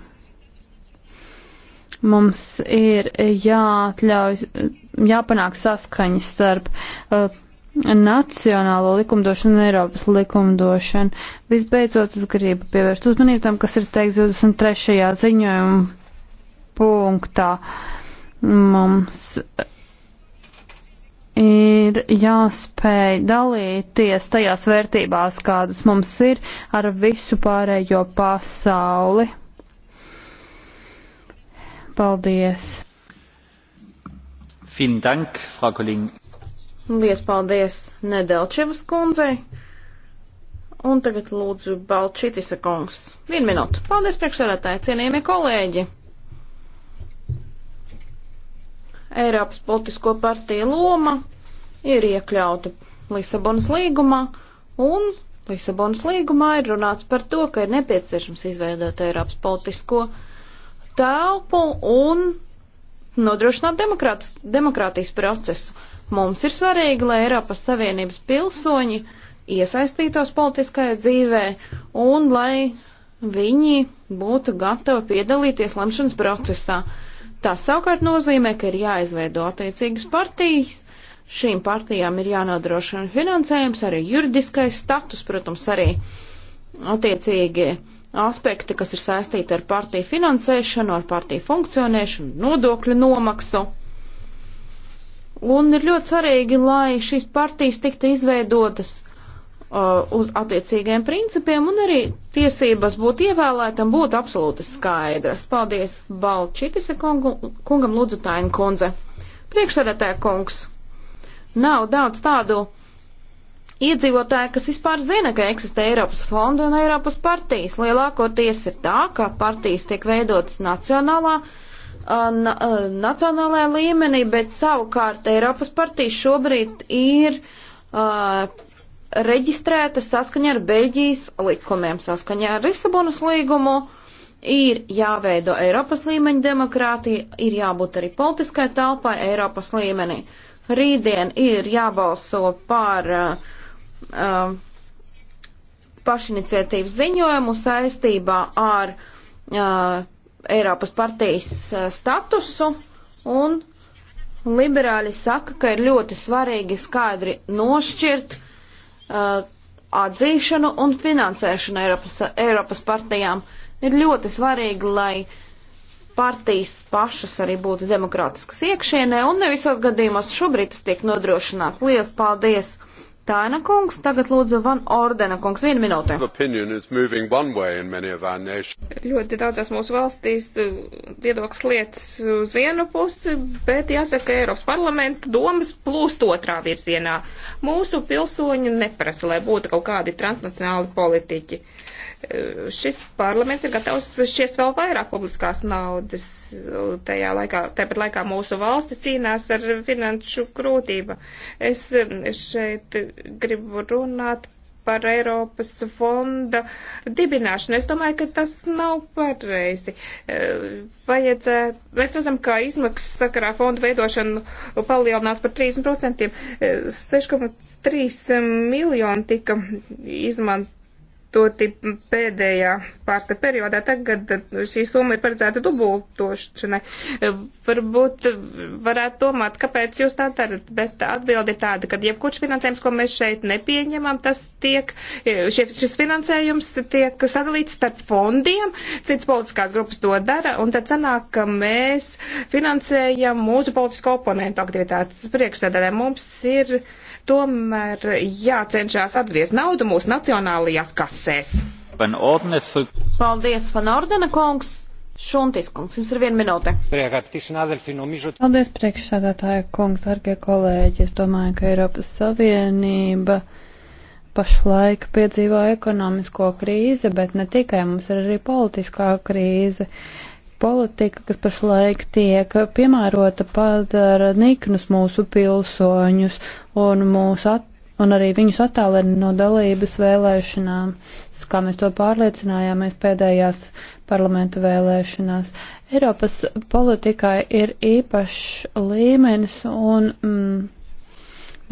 Mums ir jāatļauj, jāpanāk saskaņas starp uh, nacionālo likumdošanu un Eiropas likumdošanu. Visbeidzot, es gribu pievērst uzmanību tam, kas ir teiks 23. ziņojuma punktā. Mums ir jāspēj dalīties tajās vērtībās, kādas mums ir ar visu pārējo pasauli. Paldies! Vielen Dank, Frau Kollegin. Lies paldies Nedelčevas kundzei. Un tagad lūdzu Balčitisa kungs. Vienu minūtu. Paldies priekšsēdētāji, cienījamie kolēģi. Eiropas politisko partiju loma ir iekļauta Lisabonas līgumā, un Lisabonas līgumā ir runāts par to, ka ir nepieciešams izveidot Eiropas politisko partiju telpu un nodrošināt demokrātijas procesu. Mums ir svarīgi, lai Eiropas Savienības pilsoņi iesaistītos politiskajā dzīvē un lai viņi būtu gatavi piedalīties lemšanas procesā. Tas savukārt nozīmē, ka ir jāizveido attiecīgas partijas, šīm partijām ir jānodrošina finansējums, arī juridiskais status, protams, arī attiecīgie aspekti, kas ir saistīti ar partiju finansēšanu, ar partiju funkcionēšanu, nodokļu nomaksu. Un ir ļoti svarīgi, lai šīs partijas tiktu izveidotas uh, uz attiecīgiem principiem un arī tiesības būt ievēlētam būtu absolūti skaidras. Paldies Balčitise kungu, kungam Lūdzu Taina kundze. Priekšsēdētāja kungs, nav daudz tādu iedzīvotāji, kas vispār zina, ka eksistē Eiropas fonda un Eiropas partijas. Lielākoties ir tā, ka partijas tiek veidotas nacionālā, na, nacionālajā līmenī, bet savukārt Eiropas partijas šobrīd ir uh, reģistrētas saskaņā ar Beļģijas likumiem, saskaņā ar Lisabonas līgumu. Ir jāveido Eiropas līmeņa demokrātija, ir jābūt arī politiskai telpai Eiropas līmenī. Rītdien ir jābalso par uh, um, pašiniciatīvas ziņojumu saistībā ar uh, Eiropas partijas uh, statusu, un liberāļi saka, ka ir ļoti svarīgi skaidri nošķirt uh, atzīšanu un finansēšanu Eiropas, Eiropas partijām. Ir ļoti svarīgi, lai partijas pašas arī būtu demokrātiskas iekšienē, un nevisos gadījumos šobrīd tas tiek nodrošināt. Lielas paldies! Taina kungs, tagad lūdzu Van Ordena kungs, vienu minūti. Ļoti daudzās mūsu valstīs uh, viedoklis lietas uz vienu pusi, bet jāsaka, ka Eiropas parlamenta domas plūst otrā virzienā. Mūsu pilsoņi neprasa, lai būtu kaut kādi transnacionāli politiķi. Uh, šis parlaments ir gatavs šķiest vēl vairāk publiskās naudas. Tajā laikā, tāpat laikā mūsu valsti cīnās ar finanšu krūtību. Es eh, šeit gribu runāt par Eiropas fonda dibināšanu. Es domāju, ka tas nav pareizi. Eh, vajadzētu, mēs redzam, ka izmaksas sakarā fonda veidošana palielinās par 30%. 6,3 eh, miljoni tika izmantot izmantoti pēdējā pārskata periodā. Tagad šī summa ir paredzēta dubultošanai. Varbūt varētu domāt, kāpēc jūs tā darat, bet atbildi ir tāda, ka jebkurš finansējums, ko mēs šeit nepieņemam, tas tiek, šis finansējums tiek sadalīts starp fondiem, cits politiskās grupas to dara, un tad sanāk, ka mēs finansējam mūsu politisko oponentu aktivitātes priekšsēdē. Mums ir tomēr jācenšas atgriezt naudu mūsu nacionālajās kasēs interesēs. Paldies, Van Ordena kungs! Šuntis kungs, jums ir viena minūte. Paldies, priekšsādātāja kungs, argie kolēģi. Es domāju, ka Eiropas Savienība pašlaik piedzīvo ekonomisko krīzi, bet ne tikai, mums ir arī politiskā krīze. Politika, kas pašlaik tiek piemērota, padara niknus mūsu pilsoņus un mūsu attīstību un arī viņus attālina no dalības vēlēšanām, kā mēs to pārliecinājāmies pēdējās parlamentu vēlēšanās. Eiropas politikai ir īpašs līmenis un mm,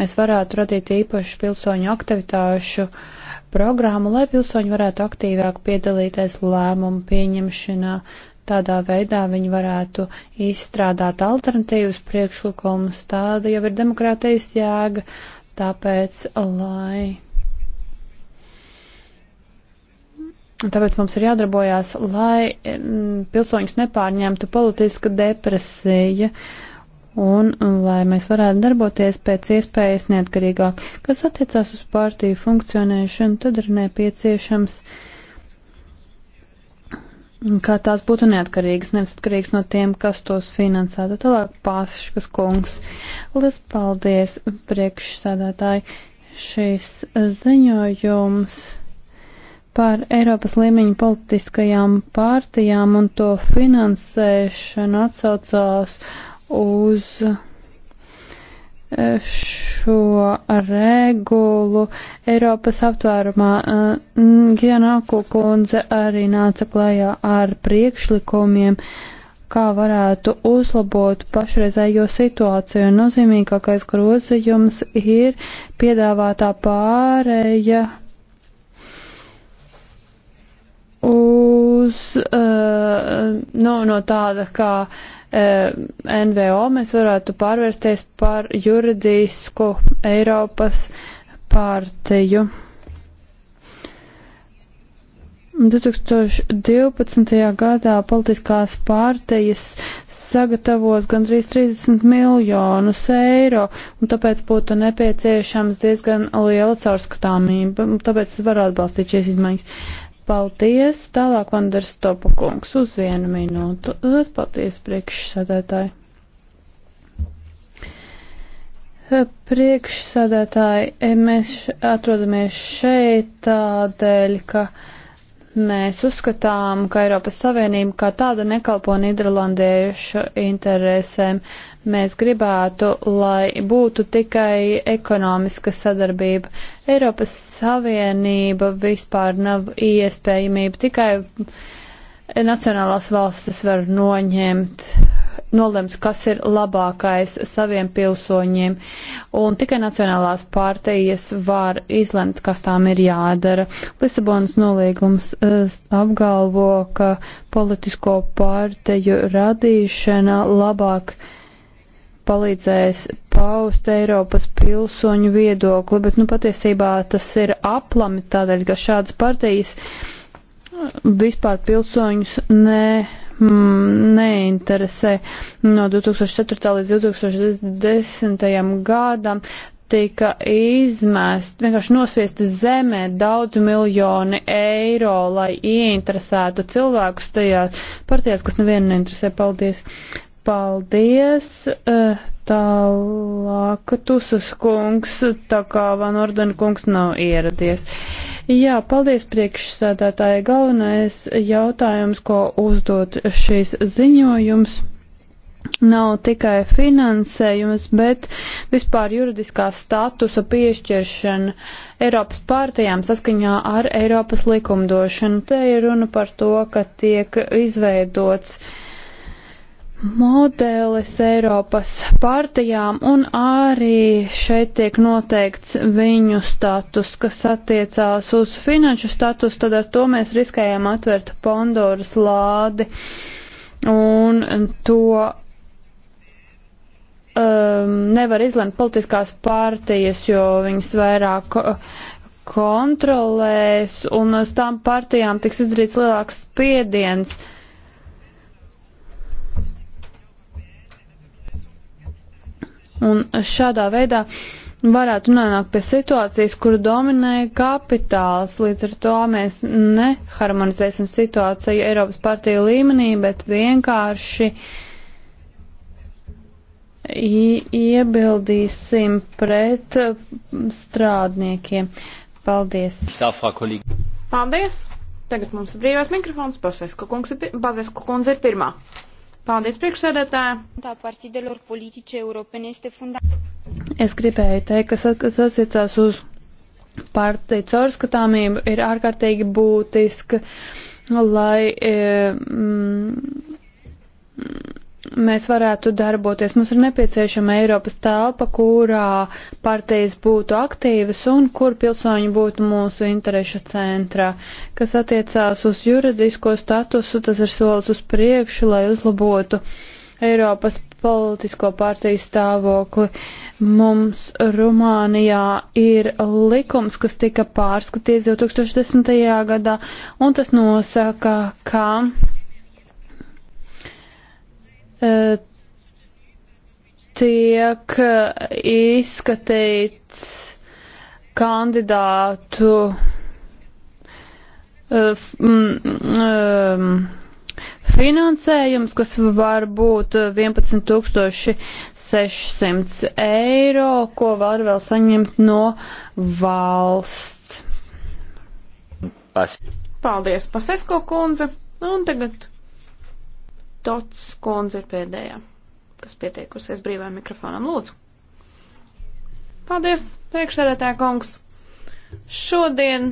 mēs varētu radīt īpašu pilsoņu aktivitāšu programmu, lai pilsoņi varētu aktīvāk piedalīties lēmumu pieņemšanā. Tādā veidā viņi varētu izstrādāt alternatīvas priekšlikumus. Tāda jau ir demokrātijas jēga. Uh, Tāpēc, lai. Tāpēc mums ir jādarbojās, lai mm, pilsoņus nepārņemtu politiska depresija un lai mēs varētu darboties pēc iespējas neatkarīgāk. Kas attiecās uz partiju funkcionēšanu, tad ir nepieciešams uh, kā tās būtu neatkarīgas, nevis atkarīgas no tiem, kas tos finansētu. Tālāk Pāsiškas kungs. Lies paldies, priekšsēdētāji. Šis ziņojums par Eiropas līmeņu politiskajām pārtijām un to finansēšanu atsaucās uz šo regulu Eiropas aptvērumā. Mm, Gianāku kundze arī nāca klajā ar priekšlikumiem, kā varētu uzlabot pašreizējo situāciju. Nozīmīgākais grozījums ir piedāvātā pārēja uz uh, nu, no tāda kā uh, Eh, NVO mēs varētu pārvērsties par juridisku Eiropas pārteju. 2012. gadā politiskās pārtejas sagatavos gandrīz 30 miljonus eiro, un tāpēc būtu nepieciešams diezgan liela caurskatāmība, un tāpēc es varu atbalstīt šīs izmaiņas. Paldies, tālāk Vandars Topa kungs, uz vienu minūtu. Lielas paldies priekšsēdētāji. Priekšsēdētāji, e, mēs atrodamies šeit tādēļ, ka mēs uzskatām, ka Eiropas Savienība kā tāda nekalpo Nīderlandiešu interesēm. Mēs gribētu, lai būtu tikai ekonomiska sadarbība. Eiropas Savienība vispār nav iespējamība, tikai nacionālās valstis var noņemt, nolemt, kas ir labākais saviem pilsoņiem, un tikai nacionālās pārtejas var izlemt, kas tām ir jādara. Lisabonas nolīgums eh, apgalvo, ka politisko pārteju radīšana labāk palīdzējis paust Eiropas pilsoņu viedokli, bet nu patiesībā tas ir aplami tādēļ, ka šādas partijas uh, vispār pilsoņus ne, m, mm, neinteresē. No 2004. līdz 2010. gadam tika izmest, vienkārši nosviest zemē daudz miljoni eiro, lai ieinteresētu cilvēkus tajā partijās, kas nevienu neinteresē. Paldies! Paldies! Eh, tālāk, Tusas kungs, tā kā Van Orden kungs nav ieradies. Jā, paldies priekšsēdētāji. Galvenais jautājums, ko uzdot šīs ziņojums, nav tikai finansējums, bet vispār juridiskā statusa piešķiršana Eiropas pārtajām saskaņā ar Eiropas likumdošanu. Te ir runa par to, ka tiek izveidots uh, modelis Eiropas partijām, un arī šeit tiek noteikts viņu status, kas attiecās uz finanšu status, tad ar to mēs riskējam atvērt Pandoras lādi un to um, nevar izlemt politiskās partijas, jo viņas vairāk uh, kontrolēs, un uz tām partijām tiks izdarīts lielāks spiediens. Uh, Un šādā veidā varētu nonākt pie situācijas, kur dominē kapitāls. Līdz ar to mēs neharmonizēsim situāciju Eiropas partiju līmenī, bet vienkārši iebildīsim pret strādniekiem. Paldies! Paldies! Tagad mums ir brīvais mikrofons. Bazesku kundze ir pirmā. Paldies, priekšsēdētāja! Tā partidelor politiķe Eiropene este fundamentāla. Es gribēju teikt, ka kas sasiecās uz partiju caurskatāmību ir ārkārtīgi būtiska, lai. E, mm, mēs varētu darboties. Mums ir nepieciešama Eiropas telpa, kurā partijas būtu aktīvas un kur pilsoņi būtu mūsu interešu centrā. Kas attiecās uz juridisko statusu, tas ir solis uz priekšu, lai uzlabotu Eiropas politisko partiju stāvokli. Mums Rumānijā ir likums, kas tika pārskatīts 2010. gadā, un tas nosaka, ka tiek izskatīts kandidātu eh, finansējums, kas var būt 11,600 eiro, ko var vēl saņemt no valsts. Pas. Paldies, Pasesko kundze, un tagad Tots kundze ir pēdējā, kas pieteikusies brīvā mikrofonam. Lūdzu! Paldies, priekšsēdētāja kungs! Šodien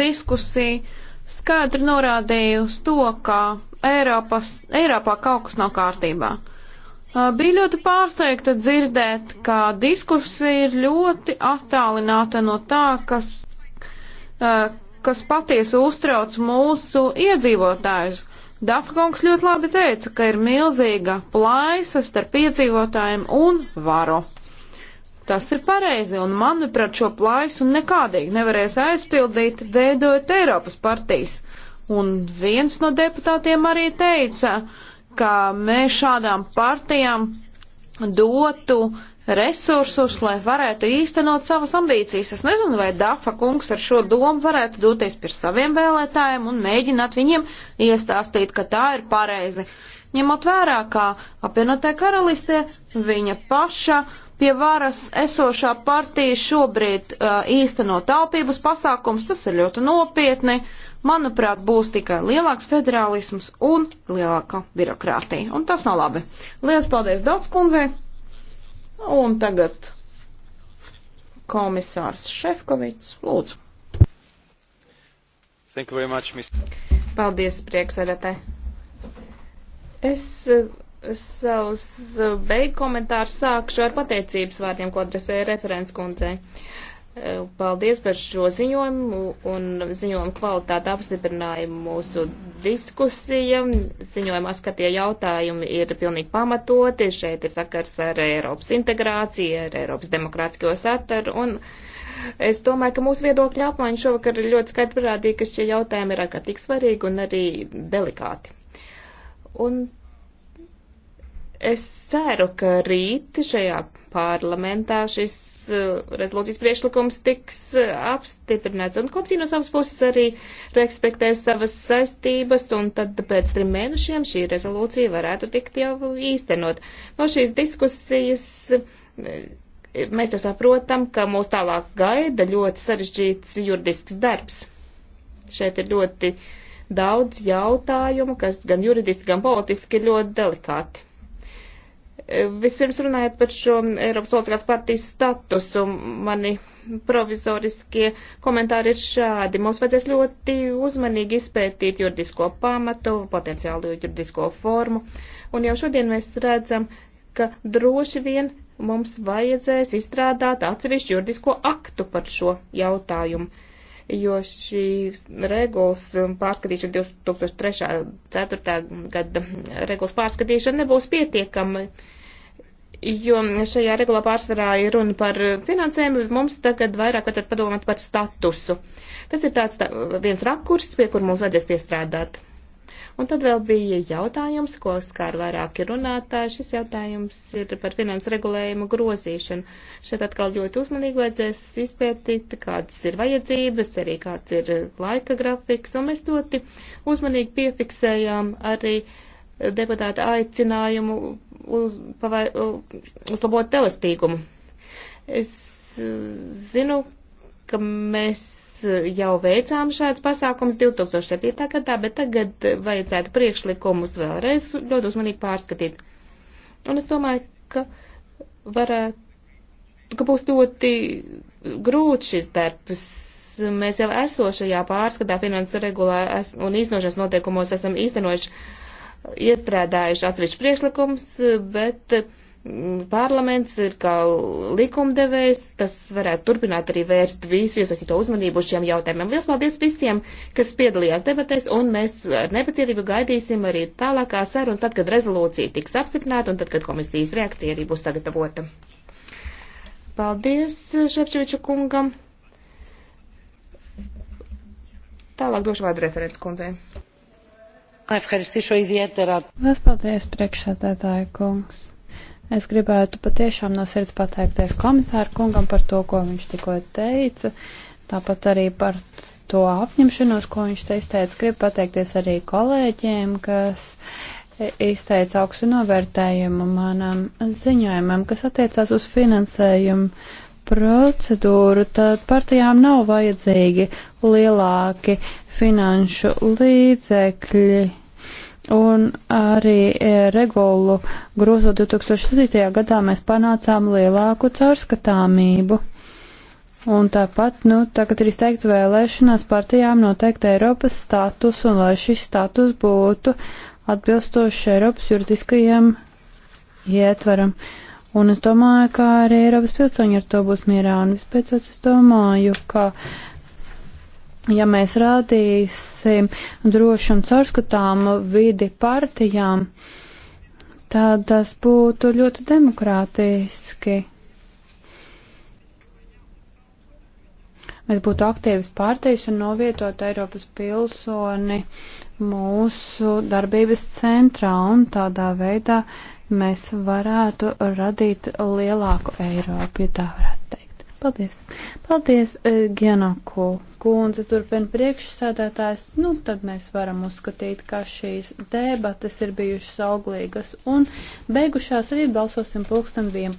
diskusija skaidri norādīja uz to, ka Eiropas, Eiropā kaut kas nav kārtībā. Bija ļoti pārsteigta dzirdēt, ka diskusija ir ļoti attālināta no tā, kas, kas patiesi uztrauc mūsu iedzīvotājus. Dafkungs ļoti labi teica, ka ir milzīga plaisa starp piedzīvotājiem un varu. Tas ir pareizi, un manuprāt, šo plaisu nekādīgi nevarēs aizpildīt, veidojot Eiropas partijas. Un viens no deputātiem arī teica, ka mēs šādām partijām dotu uh, resursus, lai varētu īstenot savas ambīcijas. Es nezinu, vai Dafa kungs ar šo domu varētu doties pie saviem vēlētājiem un mēģināt viņiem iestāstīt, ka tā ir pareizi. Ņemot vērā, ka apvienotē karalistē viņa paša pie varas esošā partija šobrīd uh, īsteno taupības pasākums, tas ir ļoti nopietni. Manuprāt, būs tikai lielāks federālisms un lielāka birokrātija, un tas nav labi. Lielas paldies daudz kundzei! Un tagad komisārs Šefkovits, lūdzu. Much, miss... Paldies, prieksēdētāji. Es savus beigkomentārus sākšu ar pateicības vārdiem, ko adresēja referents kundzei. Uh, Eh, paldies par šo ziņojumu un ziņojumu kvalitāti apstiprināja mūsu diskusija. Ziņojumā skatie jautājumi ir pilnīgi pamatoti. Šeit ir sakars ar Eiropas integrāciju, ar Eiropas demokrātisko saturu. Un es domāju, ka mūsu viedokļa apmaiņa šovakar ļoti skaidri parādīja, ka šie jautājumi ir ārkārtīgi svarīgi un arī delikāti. Un es ceru, ka rīt šajā parlamentā šis Eh, rezolūcijas priešlikums tiks eh, apstiprināts. Un komisija no savas puses arī respektēs savas saistības, un tad pēc trim mēnešiem šī rezolūcija varētu tikt jau īstenot. No šīs diskusijas eh, mēs jau saprotam, ka mūs tālāk gaida ļoti sarežģīts juridisks darbs. Šeit ir ļoti daudz jautājumu, kas gan juridiski, gan politiski ir ļoti delikāti. Vispirms runājot par šo Eiropas Valsts partijas statusu, mani provizoriskie komentāri ir šādi. Mums vajadzēs ļoti uzmanīgi izpētīt juridisko pamatu, potenciālu juridisko formu, un jau šodien mēs redzam, ka droši vien mums vajadzēs izstrādāt atsevišķu juridisko aktu par šo jautājumu jo šīs regulas pārskatīšana 2003. 4. gada regulas pārskatīšana nebūs pietiekama jo šajā regulā pārsvarā ir runa par uh, finansējumu, bet mums tagad vairāk vajadzētu padomāt par statusu. Tas ir tāds tā, viens rakurs, pie kur mums vajadzēs piestrādāt. Un tad vēl bija jautājums, ko skār vairāki runātāji. Šis jautājums ir par finansu regulējumu grozīšanu. Šeit atkal ļoti uzmanīgi vajadzēs izpētīt, kādas ir vajadzības, arī kāds ir laika grafiks, un mēs ļoti uzmanīgi piefiksējām arī uh, deputāta aicinājumu uz, pavai, uzlabot elastīgumu. Es eh, zinu, ka mēs eh, jau veicām šāds pasākums 2007. gadā, bet tagad vajadzētu priekšlikumus vēlreiz ļoti uzmanīgi pārskatīt. Un es domāju, ka varētu, ka būs ļoti grūts šis darbs. Mēs jau esošajā pārskatā finansu regulā un iznošanas noteikumos esam īstenojuši uh, iestrādājuši atsevišķu priekšlikums, bet mm, parlaments ir kā likumdevējs, tas varētu turpināt arī vērst visu iesaistīto uzmanību uz šiem jautājumiem. Lielas paldies visiem, kas piedalījās debatēs, un mēs ar nepacietību gaidīsim arī tālākā sarunas, tad, kad rezolūcija tiks apstiprināta un tad, kad komisijas reakcija arī būs sagatavota. Paldies Šepčeviča kungam. Tālāk došu vārdu referents kundzei. Ευχαριστήσω ιδιαίτερα. Mēs paldies priekšsēdētāju kungs. Es gribētu patiešām no sirds pateikties komisāru kungam par to, ko viņš tikko teica, tāpat arī par to apņemšanos, ko viņš te izteica. Gribu pateikties arī kolēģiem, kas izteica augstu novērtējumu manam ziņojumam, kas attiecās uz finansējumu procedūru, tad partijām nav vajadzīgi lielāki finanšu līdzekļi. Un arī e, regulu grūzo 2007. gadā mēs panācām lielāku caurskatāmību. Un tāpat, nu, tagad ir izteikts vēlēšanās partijām noteikt Eiropas status, un lai šis status būtu atbilstoši Eiropas juridiskajiem ietveram. Un es domāju, ka arī Eiropas pilsoņi ar to būs mierā, un vispēc es domāju, ka. Uh, ja mēs rādīsim drošu un caurskatāmu vidi partijām, tad tas būtu ļoti demokrātiski. Mēs būtu aktīvas partijas un novietot Eiropas pilsoni mūsu darbības centrā un tādā veidā mēs varētu radīt lielāku Eiropu, ja tā varētu teikt. Paldies! Paldies, eh, Gianaku! kundze turpina priekšsēdētājs, nu tad mēs varam uzskatīt, ka šīs debates ir bijušas auglīgas un beigušās rīt balsosim pulksten 11.